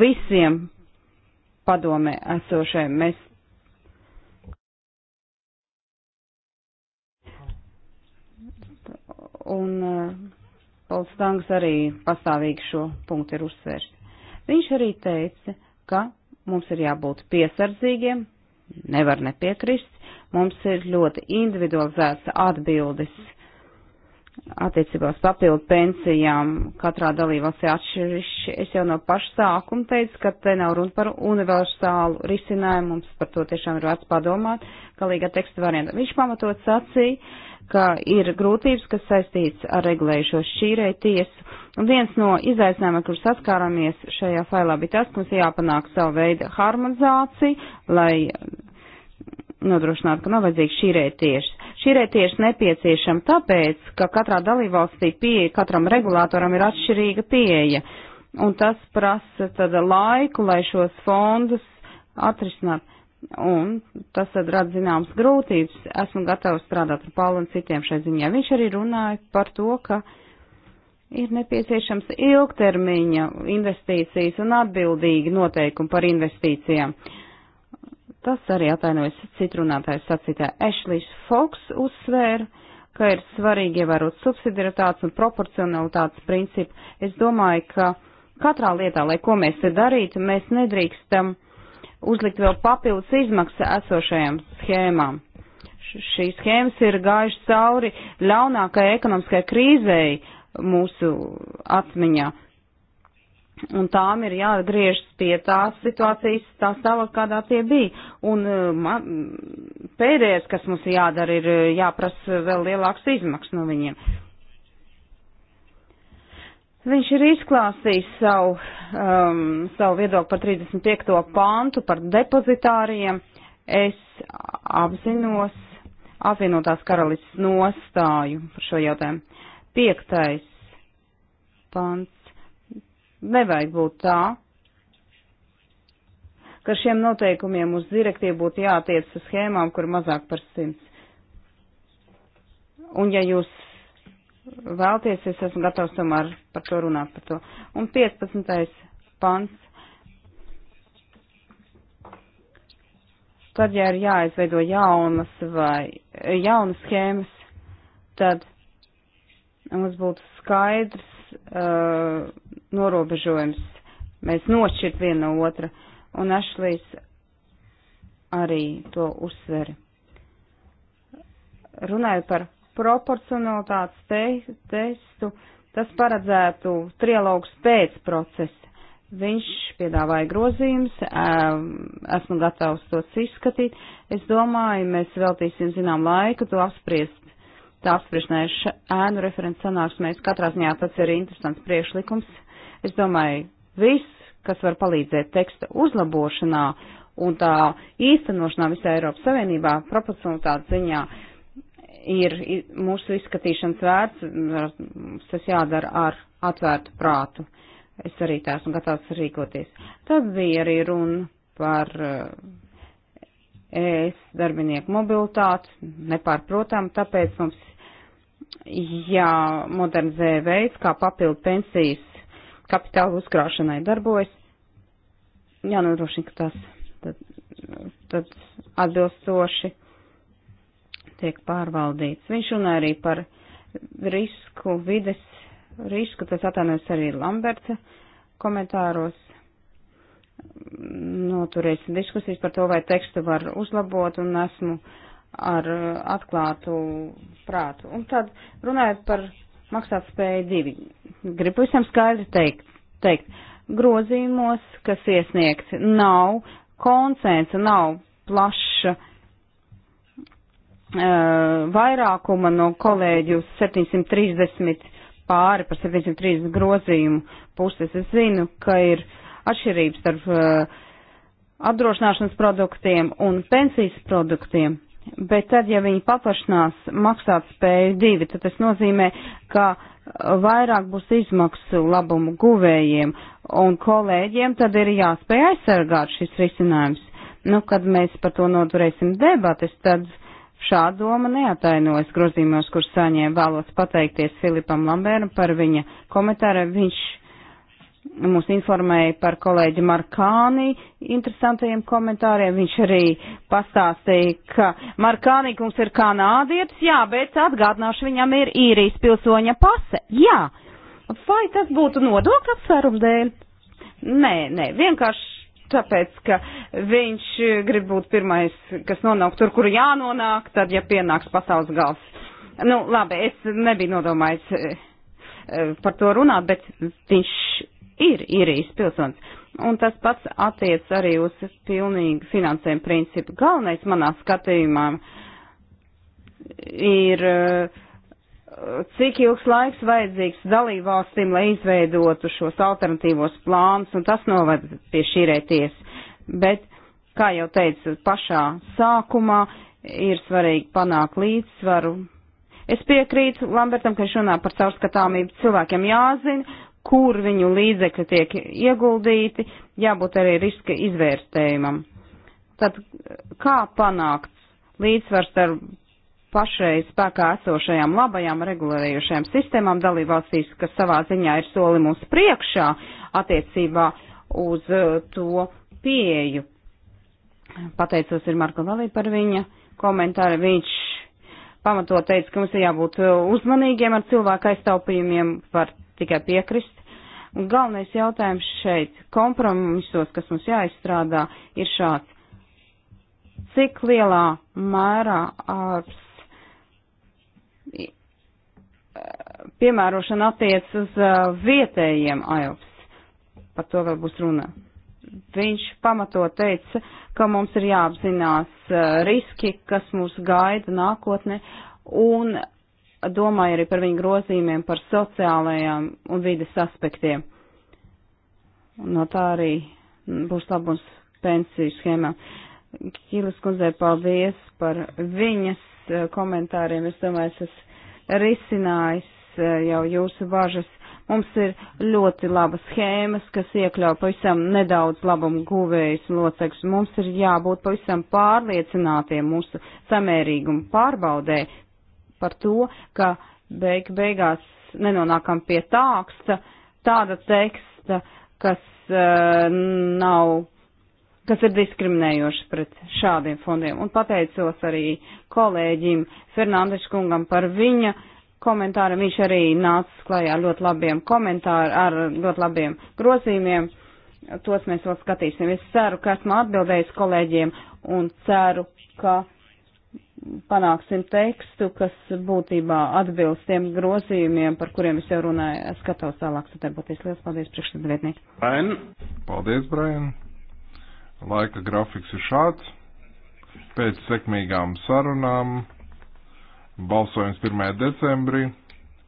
Speaker 4: visiem padomē esošajiem. Mēs un eh, Pauls Tangs arī pastāvīgi šo punktu ir uzsvērts. Viņš arī teica, ka mums ir jābūt piesardzīgiem, nevar nepiekrist, mums ir ļoti individualizēts atbildes attiecībās papildu pensijām katrā dalībvalstī atšķirišķi. Es jau no paša sākuma teicu, ka te nav runa par universālu risinājumu, mums par to tiešām ir vērts padomāt, galīgā teksta varianta. Viņš pamatot sacīja, ka ir grūtības, kas saistīts ar regulējušo šķīrēju tiesu, un viens no izaicinājumiem, kur saskāramies šajā failā, bija tas, ka mums jāpanāk savu veidu harmonizāciju, lai nodrošināt, ka nav vajadzīgs šīrēt tieši. Šīrēt tieši nepieciešama tāpēc, ka katrā dalībvalstī pieeja katram regulātoram ir atšķirīga pieeja, un tas prasa tad laiku, lai šos fondus atrisināt. Un tas tad rada zināmas grūtības. Esmu gatavs strādāt ar Paulu un citiem šai ziņā. Viņš arī runāja par to, ka ir nepieciešams ilgtermiņa investīcijas un atbildīgi noteikumi par investīcijām. Uh, Tas arī atainojas citrunātājs sacītā Ešlijs Foks uzsvēra, ka ir svarīgi ievērot subsidiaritātes un proporcionalitātes principu. Es domāju, ka katrā lietā, lai ko mēs te darītu, mēs nedrīkstam uzlikt vēl papildus izmaksas esošajām schēmām. Šīs schēmas ir gājušas cauri ļaunākajai ekonomiskajai krīzei mūsu atmiņā un tām ir jāatgriežas pie tās situācijas, tā stāvot, kādā tie bija. Un eh, man, pēdējais, kas mums jādara, ir eh, jāprasa vēl lielāks izmaksas no viņiem. Viņš ir izklāstījis savu, um, savu viedokli par 35. pāntu, par depozitāriem. Es apzinos apvienotās karalists nostāju par šo jautājumu. Piektais pants Nevajag būt tā, ka šiem noteikumiem uz direktīvu būtu jātiec uz schēmām, kur mazāk par simts. Un ja jūs vēlties, es esmu gatavs tomēr par to runāt par to. Un 15. pants. Tad, ja ir jāizveido jaunas vai jaunas schēmas, tad mums būtu skaidrs uh, norobežojums. Mēs nošķirt vienu no otra, un Ašlīs arī to uzsver. Runājot par proporcionalitātes te testu, tas paredzētu trialogs pēc procesa. Viņš piedāvāja grozījumus, esmu gatavs tos izskatīt. Es domāju, mēs veltīsim zinām laiku to apspriest. Tā apspriešanai ēnu referents sanāksmēs katrā ziņā tas ir interesants priekšlikums Es domāju, viss, kas var palīdzēt teksta uzlabošanā un tā īstenošanā visā Eiropas Savienībā, proporcionalitātes ziņā, ir mūsu izskatīšanas vērts, tas jādara ar atvērtu prātu. Es arī tā esmu gatavs rīkoties. Tad bija arī runa par eh, ES darbinieku mobilitāti, nepārprotam, tāpēc mums jāmodernizē veids, kā papildu pensijas kapitāla uzkrāšanai darbojas. Jānodrošina, ka tas tad, tad atbilstoši tiek pārvaldīts. Viņš runā arī par risku, vides risku, tas atainojas arī Lamberta komentāros. Noturēs diskusijas par to, vai tekstu var uzlabot un esmu ar atklātu prātu. Un tad runājot par maksātspēju divi Gribu visam skaidri teikt, teikt, grozījumos, kas iesniegts, nav konsensa, nav plaša uh, vairākuma no kolēģu 730 pāri par 730 grozījumu puses. Es zinu, ka ir atšķirības starp uh, apdrošināšanas produktiem un pensijas produktiem. Bet tad, ja viņi paplašinās maksāt spēju divi, tad tas nozīmē, ka vairāk būs izmaksu labumu guvējiem un kolēģiem, tad ir jāspēj aizsargāt šis risinājums. Nu, kad mēs par to noturēsim debatas, tad šā doma neatainojas grozījumos, kur saņēma vēlos pateikties Filipam Lambēram par viņa komentāru. Viņš mūs informēja par kolēģi Markāni interesantajiem komentāriem. Viņš arī pastāstīja, ka Markāni kungs ir kanādietis, jā, bet atgādināšu viņam ir īrijas pilsoņa pase. Jā, vai tas būtu nodokļu apsvērumu dēļ? Nē, nē, vienkārši tāpēc, ka viņš grib būt pirmais, kas nonāk tur, kur jānonāk, tad, ja pienāks pasaules gals. Nu, labi, es nebiju nodomājis eh, eh, par to runāt, bet viņš ir īrijas pilsonis. Un tas pats attiec arī uz pilnīgu finansējumu principu. Galvenais manā skatījumā ir, eh, cik ilgs laiks vajadzīgs dalībvalstīm, lai izveidotu šos alternatīvos plānus, un tas novada pie šīrēties. Bet, kā jau teicu, pašā sākumā ir svarīgi panākt līdzsvaru. Es piekrītu Lambertam, ka viņš runā par caurskatāmību cilvēkiem jāzina, kur viņu līdzekļi tiek ieguldīti, jābūt arī riska izvērtējumam. Tad kā panākt līdzsvars ar pašreiz spēkā esošajām labajām regulējušajām sistēmām dalībvalstīs, kas savā ziņā ir soli mums priekšā attiecībā uz uh, to pieeju. Pateicos ir Marko Valī par viņa komentāru. Viņš pamatot teica, ka mums ir jābūt uh, uzmanīgiem ar cilvēku aiztaupījumiem par tikai piekrist. Un galvenais jautājums šeit kompromisos, kas mums jāizstrādā, ir šāds. Cik lielā mērā ārps piemērošana attiec uz uh, vietējiem IOPS? Par to vēl būs runa. Viņš pamato teica, ka mums ir jāapzinās uh, riski, kas mūs gaida nākotne, un domāju arī par viņu grozījumiem, par sociālajām un vides aspektiem. No tā arī būs labums pensiju schēmā. Kīlis kundzei paldies par viņas eh, komentāriem. Es domāju, es esmu risinājis eh, jau jūsu bažas. Mums ir ļoti laba schēmas, kas iekļauj pavisam nedaudz labumu guvējus un locekļus. Mums ir jābūt pavisam pārliecinātiem mūsu samērīgumu pārbaudē, par to, ka beig beigās nenonākam pie tāksta, tāda teksta, kas uh, nav kas ir diskriminējoši pret šādiem fondiem. Un pateicos arī kolēģim Fernandeša kungam par viņa komentāru. Viņš arī nāca klajā ļoti labiem komentāriem, ar ļoti labiem grozījumiem. Tos mēs vēl skatīsim. Es ceru, ka esmu atbildējis kolēģiem un ceru, ka panāksim tekstu, kas būtībā atbilst tiem grozījumiem, par kuriem es jau runāju. Es skatos tālāk sadarboties. Lielas paldies, priekšsēdētnieki.
Speaker 1: Brian. Paldies, Brian. Laika grafiks ir šāds. Pēc sekmīgām sarunām balsojums 1. decembrī.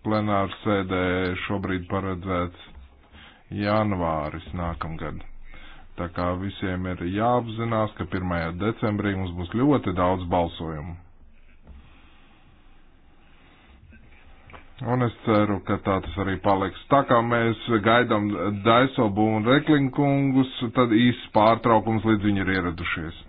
Speaker 1: Plenārs sēdē šobrīd paredzēts janvāris nākamgad. Tā kā visiem ir jāapzinās, ka 1. decembrī mums būs ļoti daudz balsojumu. Un es ceru, ka tā tas arī paliks. Tā kā mēs gaidām Daisobu un Reklinkungus, tad īsts pārtraukums līdz viņi ir ieradušies.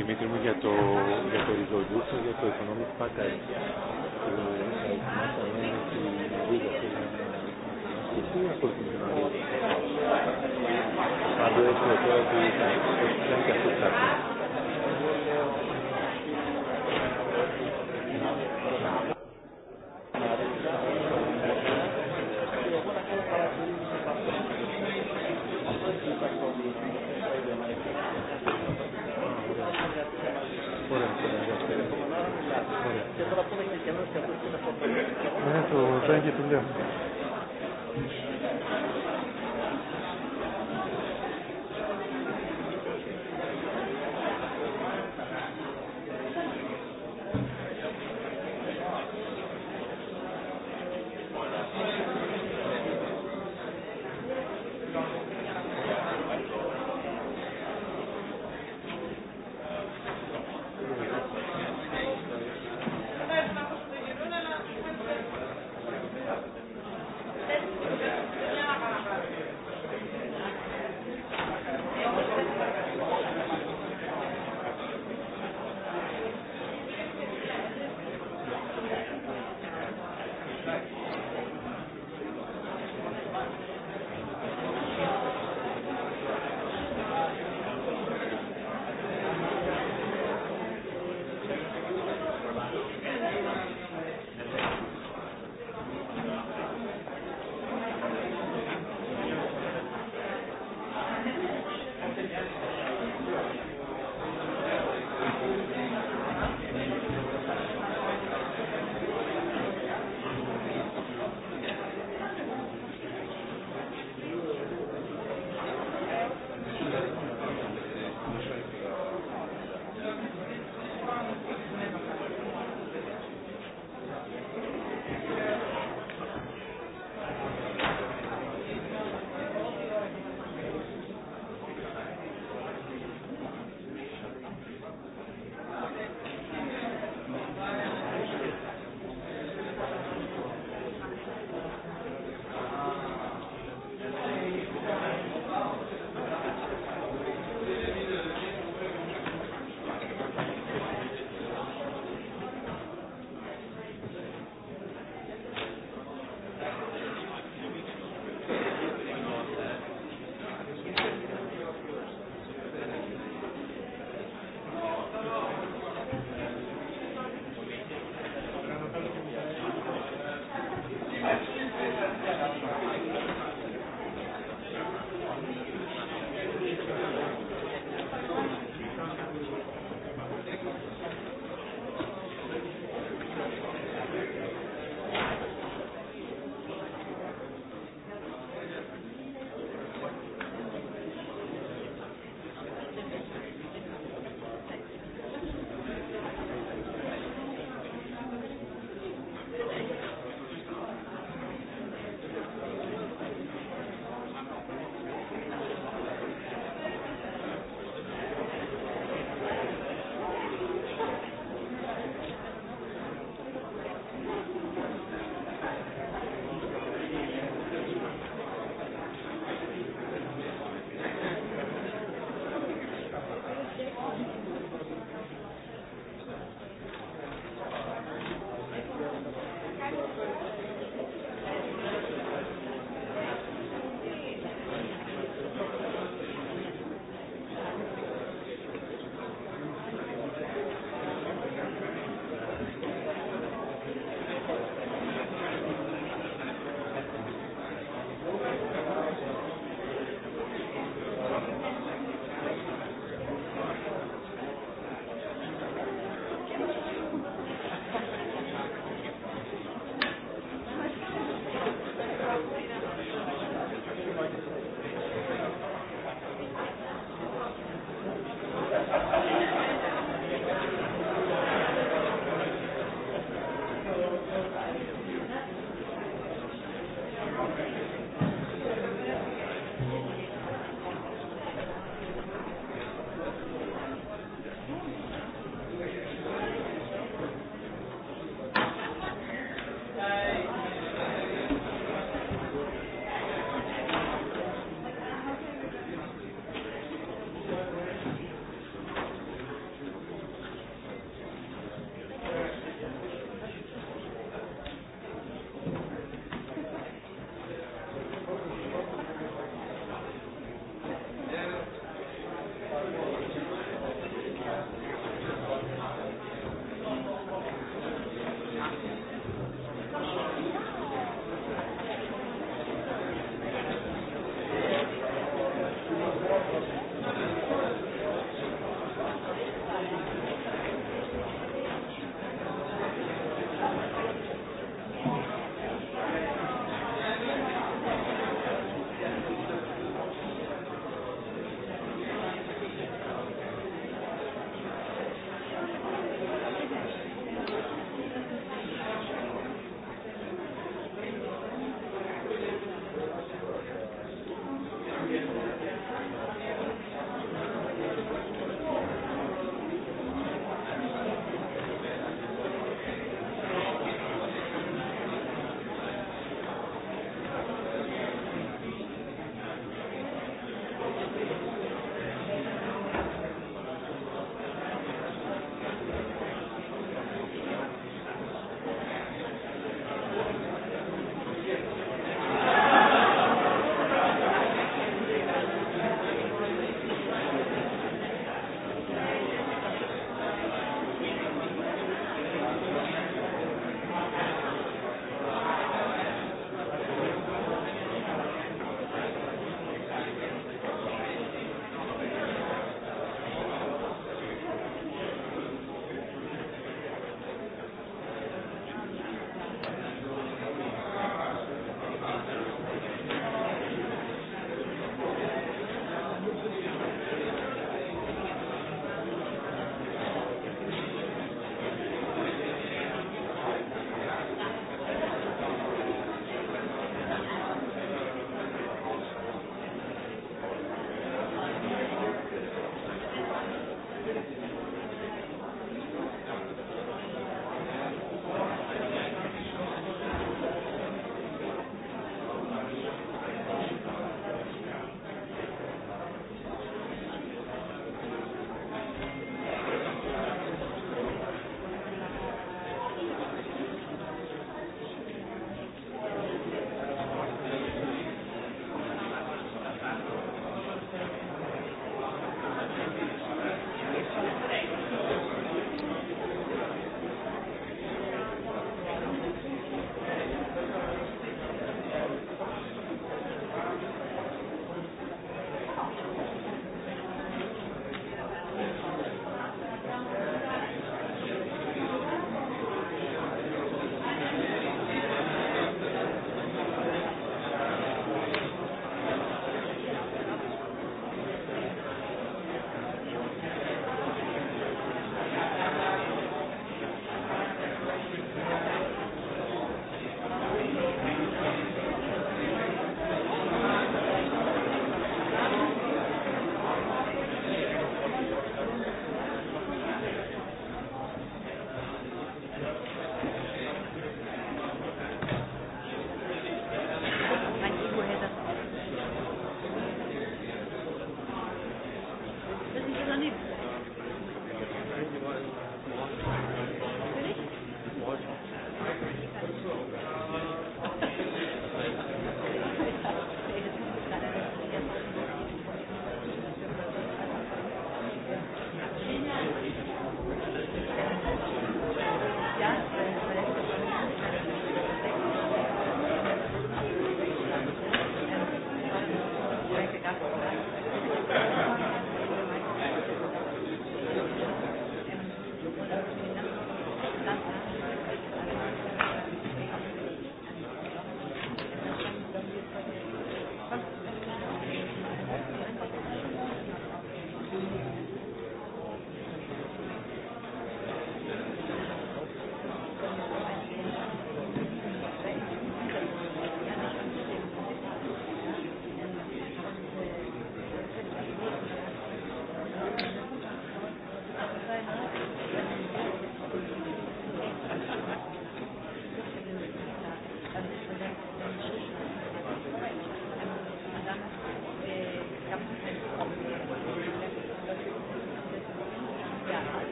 Speaker 3: Δημήτρη μου για το, για το resolution, για το economic package που ετοιμάσαμε στη Λίγα. Τι αυτό το σημείο. Πάντως έτσι τώρα που ήταν και αυτό το Я то, деньги туда.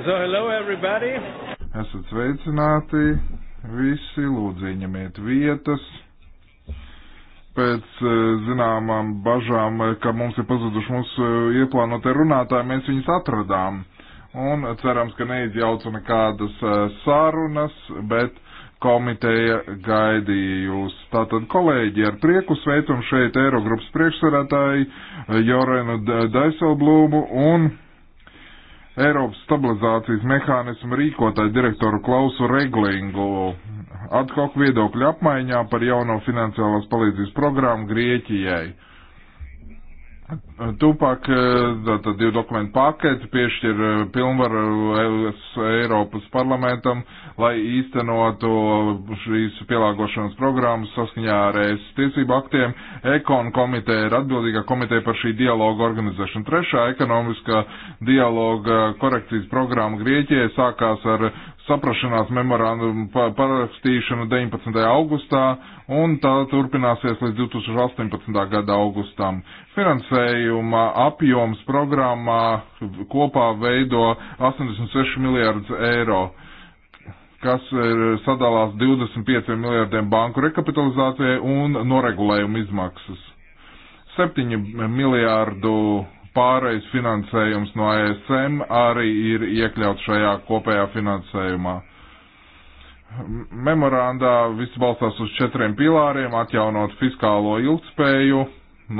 Speaker 4: So, hello everybody.
Speaker 1: Esat sveicināti. Visi lūdzu ieņemiet vietas. Pēc eh, zināmām bažām, eh, ka mums ir pazuduši mūsu eh, ieplānotie runātāji, mēs viņus atradām. Un cerams, ka neizjauca nekādas sarunas, bet komiteja gaidīja jūs. Tātad, kolēģi, ar prieku sveicam šeit Eirogrupas priekšsarētāju Jorenu Daiselblūmu un Eiropas stabilizācijas mehānismu rīkotāju direktoru Klausu Reglingu ad hoc viedokļu apmaiņā par jauno finansiālās palīdzības programmu Grieķijai. Tupak eh, tātad divu dokumentu paketi piešķir eh, pilnvaru Eiropas parlamentam, lai īstenotu šīs pielāgošanas programmas saskaņā ar ES tiesību aktiem. Ekon komiteja ir atbildīgā komiteja par šī dialoga organizēšanu. Trešā ekonomiskā dialoga korekcijas programma Grieķijai sākās ar saprašanās memorandumu parakstīšanu 19. augustā, un tā turpināsies līdz 2018. gada augustam. Finansējuma apjoms programmā kopā veido 86 miljārdus eiro kas ir sadalās 25 miljārdiem banku rekapitalizācijai un noregulējumu izmaksas. 7 miljārdu pārejas finansējums no ESM arī ir iekļauts šajā kopējā finansējumā. Memorandā viss balstās uz četriem pilāriem - atjaunot fiskālo ilgspēju,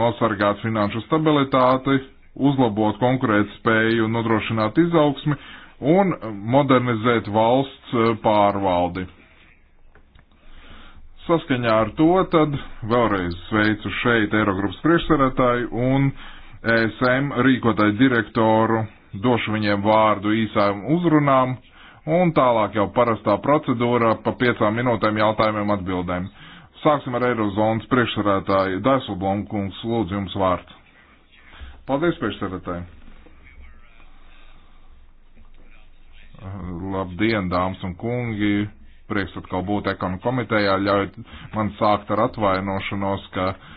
Speaker 1: nosargāt finanšu stabilitāti, uzlabot konkurētspēju un nodrošināt izaugsmi un modernizēt valsts eh, pārvaldi. Saskaņā ar to tad vēlreiz sveicu šeit Eirogrupas priekšsarētāju un uh, ESM rīkotāju direktoru, došu viņiem vārdu īsām uzrunām un tālāk jau parastā procedūra pa piecām minūtēm jautājumiem atbildēm. Sāksim ar Eirozonas priekšsarētāju Daiselblomkungs, lūdzu jums vārds. Paldies, priekšsarētāji! Labdien, dāmas un kungi! Prieks atkal būt ekonomikomitejā, ļaujiet man sākt ar atvainošanos, ka uh,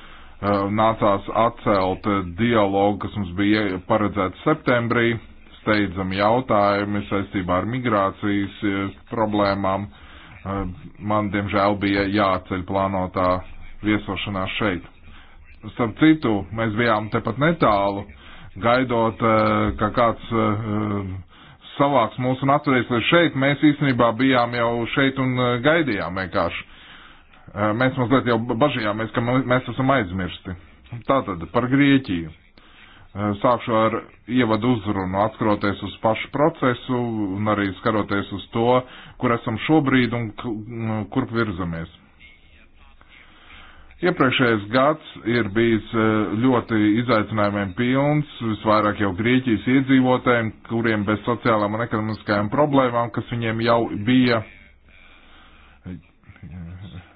Speaker 1: Eh, nācās atcelt dialogu, kas mums bija paredzēts septembrī, steidzami jautājumi saistībā ar migrācijas eh, problēmām. Eh, man, diemžēl, bija jāceļ plānotā viesošanās šeit. Starp citu, mēs bijām tepat netālu, gaidot, ka kāds savāks mūs un atcerēs līdz šeit. Mēs īstenībā bijām jau šeit un gaidījām vienkārši. Eh, mēs mazliet jau bažījāmies, ka mēs esam aizmirsti. Tātad par Grieķiju. Eh, sākšu ar ievadu uzrunu, atskroties uz pašu procesu un arī skaroties uz to, kur esam šobrīd un nu, kurp virzamies. Iepriekšējais gads ir bijis eh, ļoti izaicinājumiem pilns, visvairāk jau Grieķijas iedzīvotājiem, kuriem bez sociālām un ekonomiskajām problēmām, kas viņiem jau bija,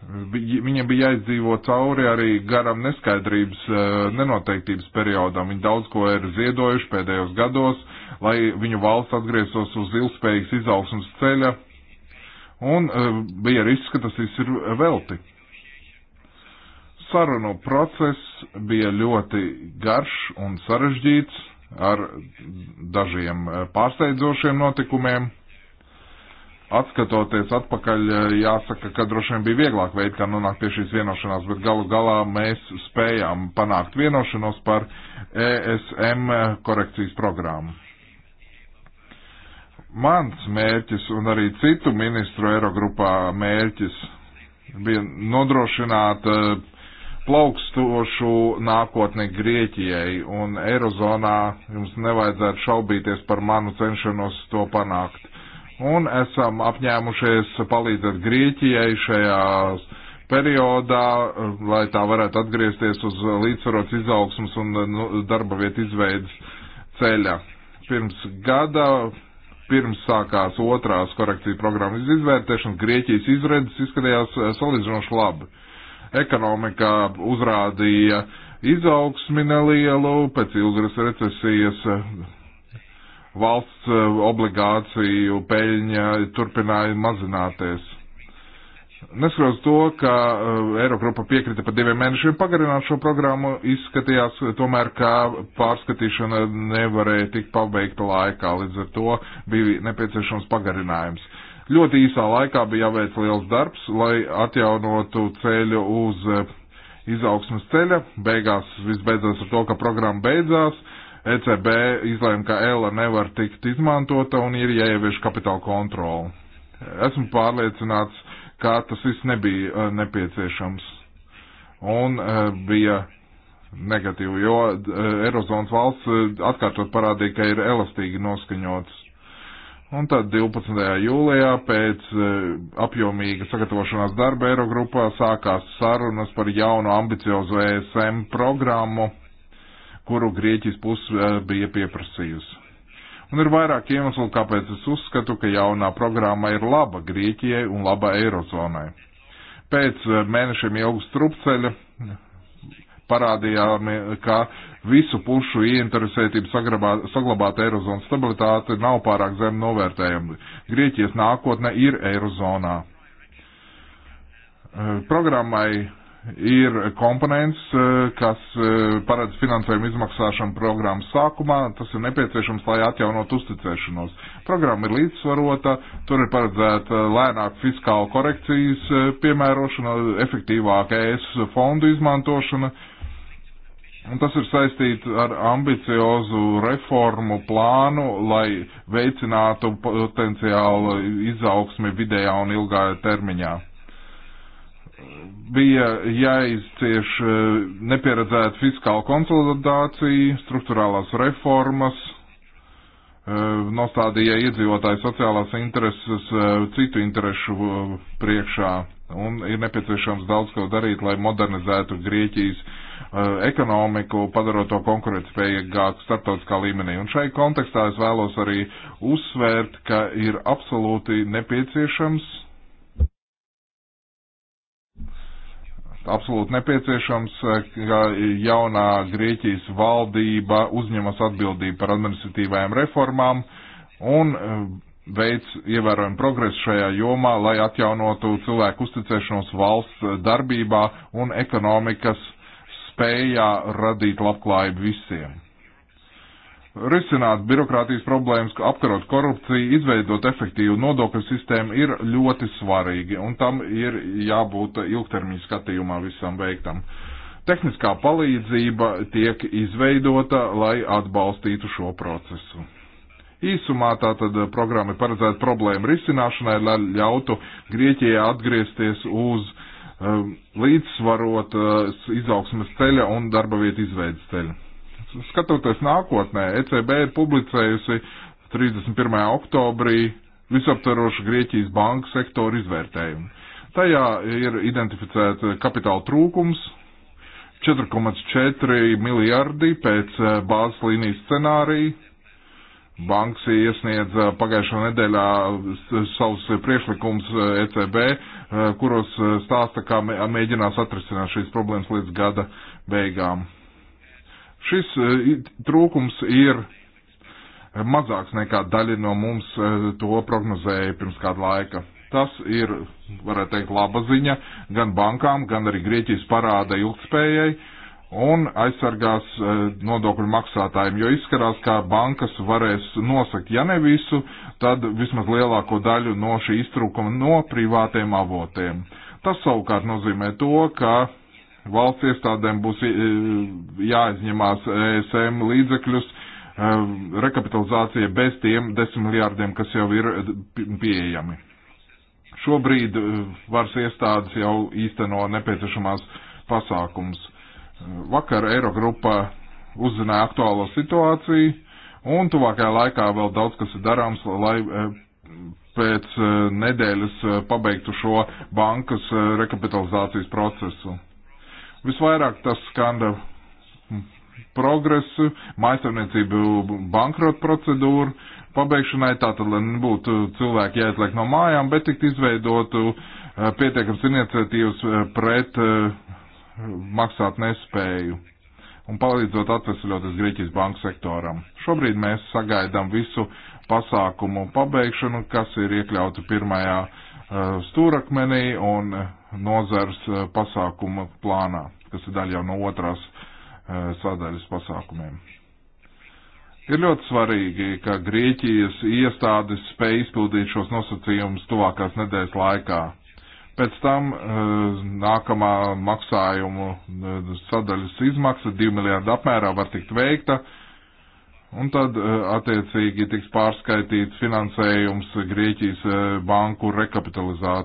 Speaker 1: Viņiem bija jāizdzīvo cauri arī garam neskaidrības, eh, nenoteiktības periodam. Viņi daudz ko ir ziedojuši pēdējos gados, lai viņu valsts atgrieztos uz ilgspējīgas izaugsmas ceļa. Un eh, bija risks, ka tas viss ir velti. Sarunu process bija ļoti garš un sarežģīts ar dažiem eh, pārsteidzošiem notikumiem atskatoties atpakaļ, eh, jāsaka, ka droši vien bija vieglāk veikt, kā nonākt pie šīs vienošanās, bet galu galā mēs spējām panākt vienošanos par ESM korekcijas programmu. Mans mērķis un arī citu ministru Eirogrupā mērķis bija nodrošināt eh, plaukstošu nākotni Grieķijai, un Eirozonā jums nevajadzētu šaubīties par manu cenšanos to panākt un esam apņēmušies palīdzēt Grieķijai šajā periodā, lai tā varētu atgriezties uz līdzsvarots izaugsmas un nu, darba vietu izveidas ceļa. Pirms gada, pirms sākās otrās korekcija programmas izvērtēšanas, Grieķijas izredzes izskatījās salīdzinoši labi. Ekonomikā uzrādīja izaugsmi nelielu, pēc ilgas recesijas valsts eh, obligāciju peļņa turpināja mazināties. Neskatoties to, ka eh, Eirogrupa piekrita par diviem mēnešiem pagarināt šo programmu, izskatījās tomēr, ka pārskatīšana nevarēja tikt pabeigta laikā, līdz ar to bija nepieciešams pagarinājums. Ļoti īsā laikā bija jāveic liels darbs, lai atjaunotu ceļu uz eh, izaugsmas ceļa. Beigās viss beidzās ar to, ka programma beidzās ECB izlēma, ka ELA nevar tikt izmantota un ir jāievieš kapitāla kontrola. Esmu pārliecināts, ka tas viss nebija e, nepieciešams un e, bija negatīvi, jo e, Eirozonas valsts atkārtot parādīja, ka ir elastīgi noskaņots. Un tad 12. jūlijā pēc apjomīga sagatavošanās darba Eirogrupā sākās sarunas par jaunu ambiciozu ESM programmu kuru Grieķijas puse eh, bija pieprasījusi. Un ir vairāk iemeslu, kāpēc es uzskatu, ka jaunā programma ir laba Grieķijai un laba Eirozonai. Pēc eh, mēnešiem ilgas trupceļa parādījām, ka visu pušu ieinteresētību sagrabāt, saglabāt Eirozonas stabilitāti nav pārāk zem novērtējama. Grieķijas nākotne ir Eirozonā. Eh, programmai ir komponents, eh, kas eh, paredz finansējumu izmaksāšanu programmas sākumā. Tas ir nepieciešams, lai atjaunot uzticēšanos. Programma ir līdzsvarota, tur ir paredzēta lēnāk fiskāla korekcijas eh, piemērošana, efektīvāka ES fondu izmantošana. Un tas ir saistīts ar ambiciozu reformu plānu, lai veicinātu potenciālu izaugsmi vidējā un ilgā termiņā bija jāizcieš eh, nepieredzēta fiskāla konsolidācija, struktūrālās reformas, eh, nostādīja iedzīvotāju sociālās intereses eh, citu interesu priekšā un ir nepieciešams daudz ko darīt, lai modernizētu Grieķijas ekonomiku, padarot to konkurētspējīgāku starptautiskā līmenī. Un šai kontekstā es vēlos arī uzsvērt, ka ir absolūti nepieciešams absolūti nepieciešams, ka jaunā Grieķijas valdība uzņemas atbildību par administratīvajām reformām un e, veids ievērojumu progresu šajā jomā, lai atjaunotu cilvēku uzticēšanos valsts darbībā un ekonomikas spējā radīt labklājību visiem risināt birokrātijas problēmas, apkarot korupciju, izveidot efektīvu nodokļu sistēmu ir ļoti svarīgi, un tam ir jābūt ilgtermiņa skatījumā visam veiktam. Tehniskā palīdzība tiek izveidota, lai atbalstītu šo procesu. Īsumā tātad programma ir paredzēta problēmu risināšanai, lai ļautu Grieķijai atgriezties uz um, līdzsvarot uh, izaugsmes ceļa un darba vietu izveidas ceļa skatoties nākotnē, ECB ir publicējusi 31. oktobrī visaptverošu Grieķijas banku sektoru izvērtējumu. Tajā ir identificēta kapitāla trūkums 4,4 miljardi pēc eh, bāzes līnijas scenārija. Banks iesniedz eh, pagājušā nedēļā eh, savus priekšlikumus ECB, e kuros stāsta, kā mēģinās atrisināt šīs problēmas līdz gada beigām. Šis e, trūkums ir mazāks nekā daļa no mums e, to prognozēja pirms kādu laiku. Tas ir, varētu teikt, laba ziņa gan bankām, gan arī Grieķijas parāda ilgspējai un aizsargās e, nodokļu maksātājiem, jo izskatās, ka bankas varēs nosakt, ja ne visu, tad vismaz lielāko daļu no šī iztrūkuma no privātiem avotiem. Tas savukārt nozīmē to, ka valsts iestādēm būs e, jāizņemās ESM līdzekļus e, rekapitalizācija bez tiem 10 miljārdiem, kas jau ir pieejami. Šobrīd e, varas iestādes jau īsteno nepieciešamās pasākums. Vakar Eirogrupa uzzināja aktuālo situāciju un tuvākajā laikā vēl daudz kas ir darāms, lai pēc nedēļas pabeigtu šo bankas rekapitalizācijas procesu. Visvairāk tas skanda progresu, maisaimniecību bankrotu procedūru pabeigšanai, tātad, lai nebūtu cilvēki jāizliek no mājām, bet tikt izveidotu e, pietiekams iniciatīvas e, pret e, maksāt nespēju un palīdzot atvesļoties Grieķijas banku sektoram. Šobrīd mēs sagaidām visu pasākumu pabeigšanu, kas ir iekļauti pirmajā stūrakmenī un nozars pasākumu plānā kas ir daļa jau no otrās eh, sadaļas pasākumiem. Ir ļoti svarīgi, ka Grieķijas iestādes spēj izpildīt šos nosacījumus tuvākās nedēļas laikā. Pēc tam eh, nākamā maksājumu eh, sadaļas izmaksa 2 miljārdu apmērā var tikt veikta, un tad attiecīgi tiks pārskaitīts finansējums Grieķijas banku rekapitalizācijai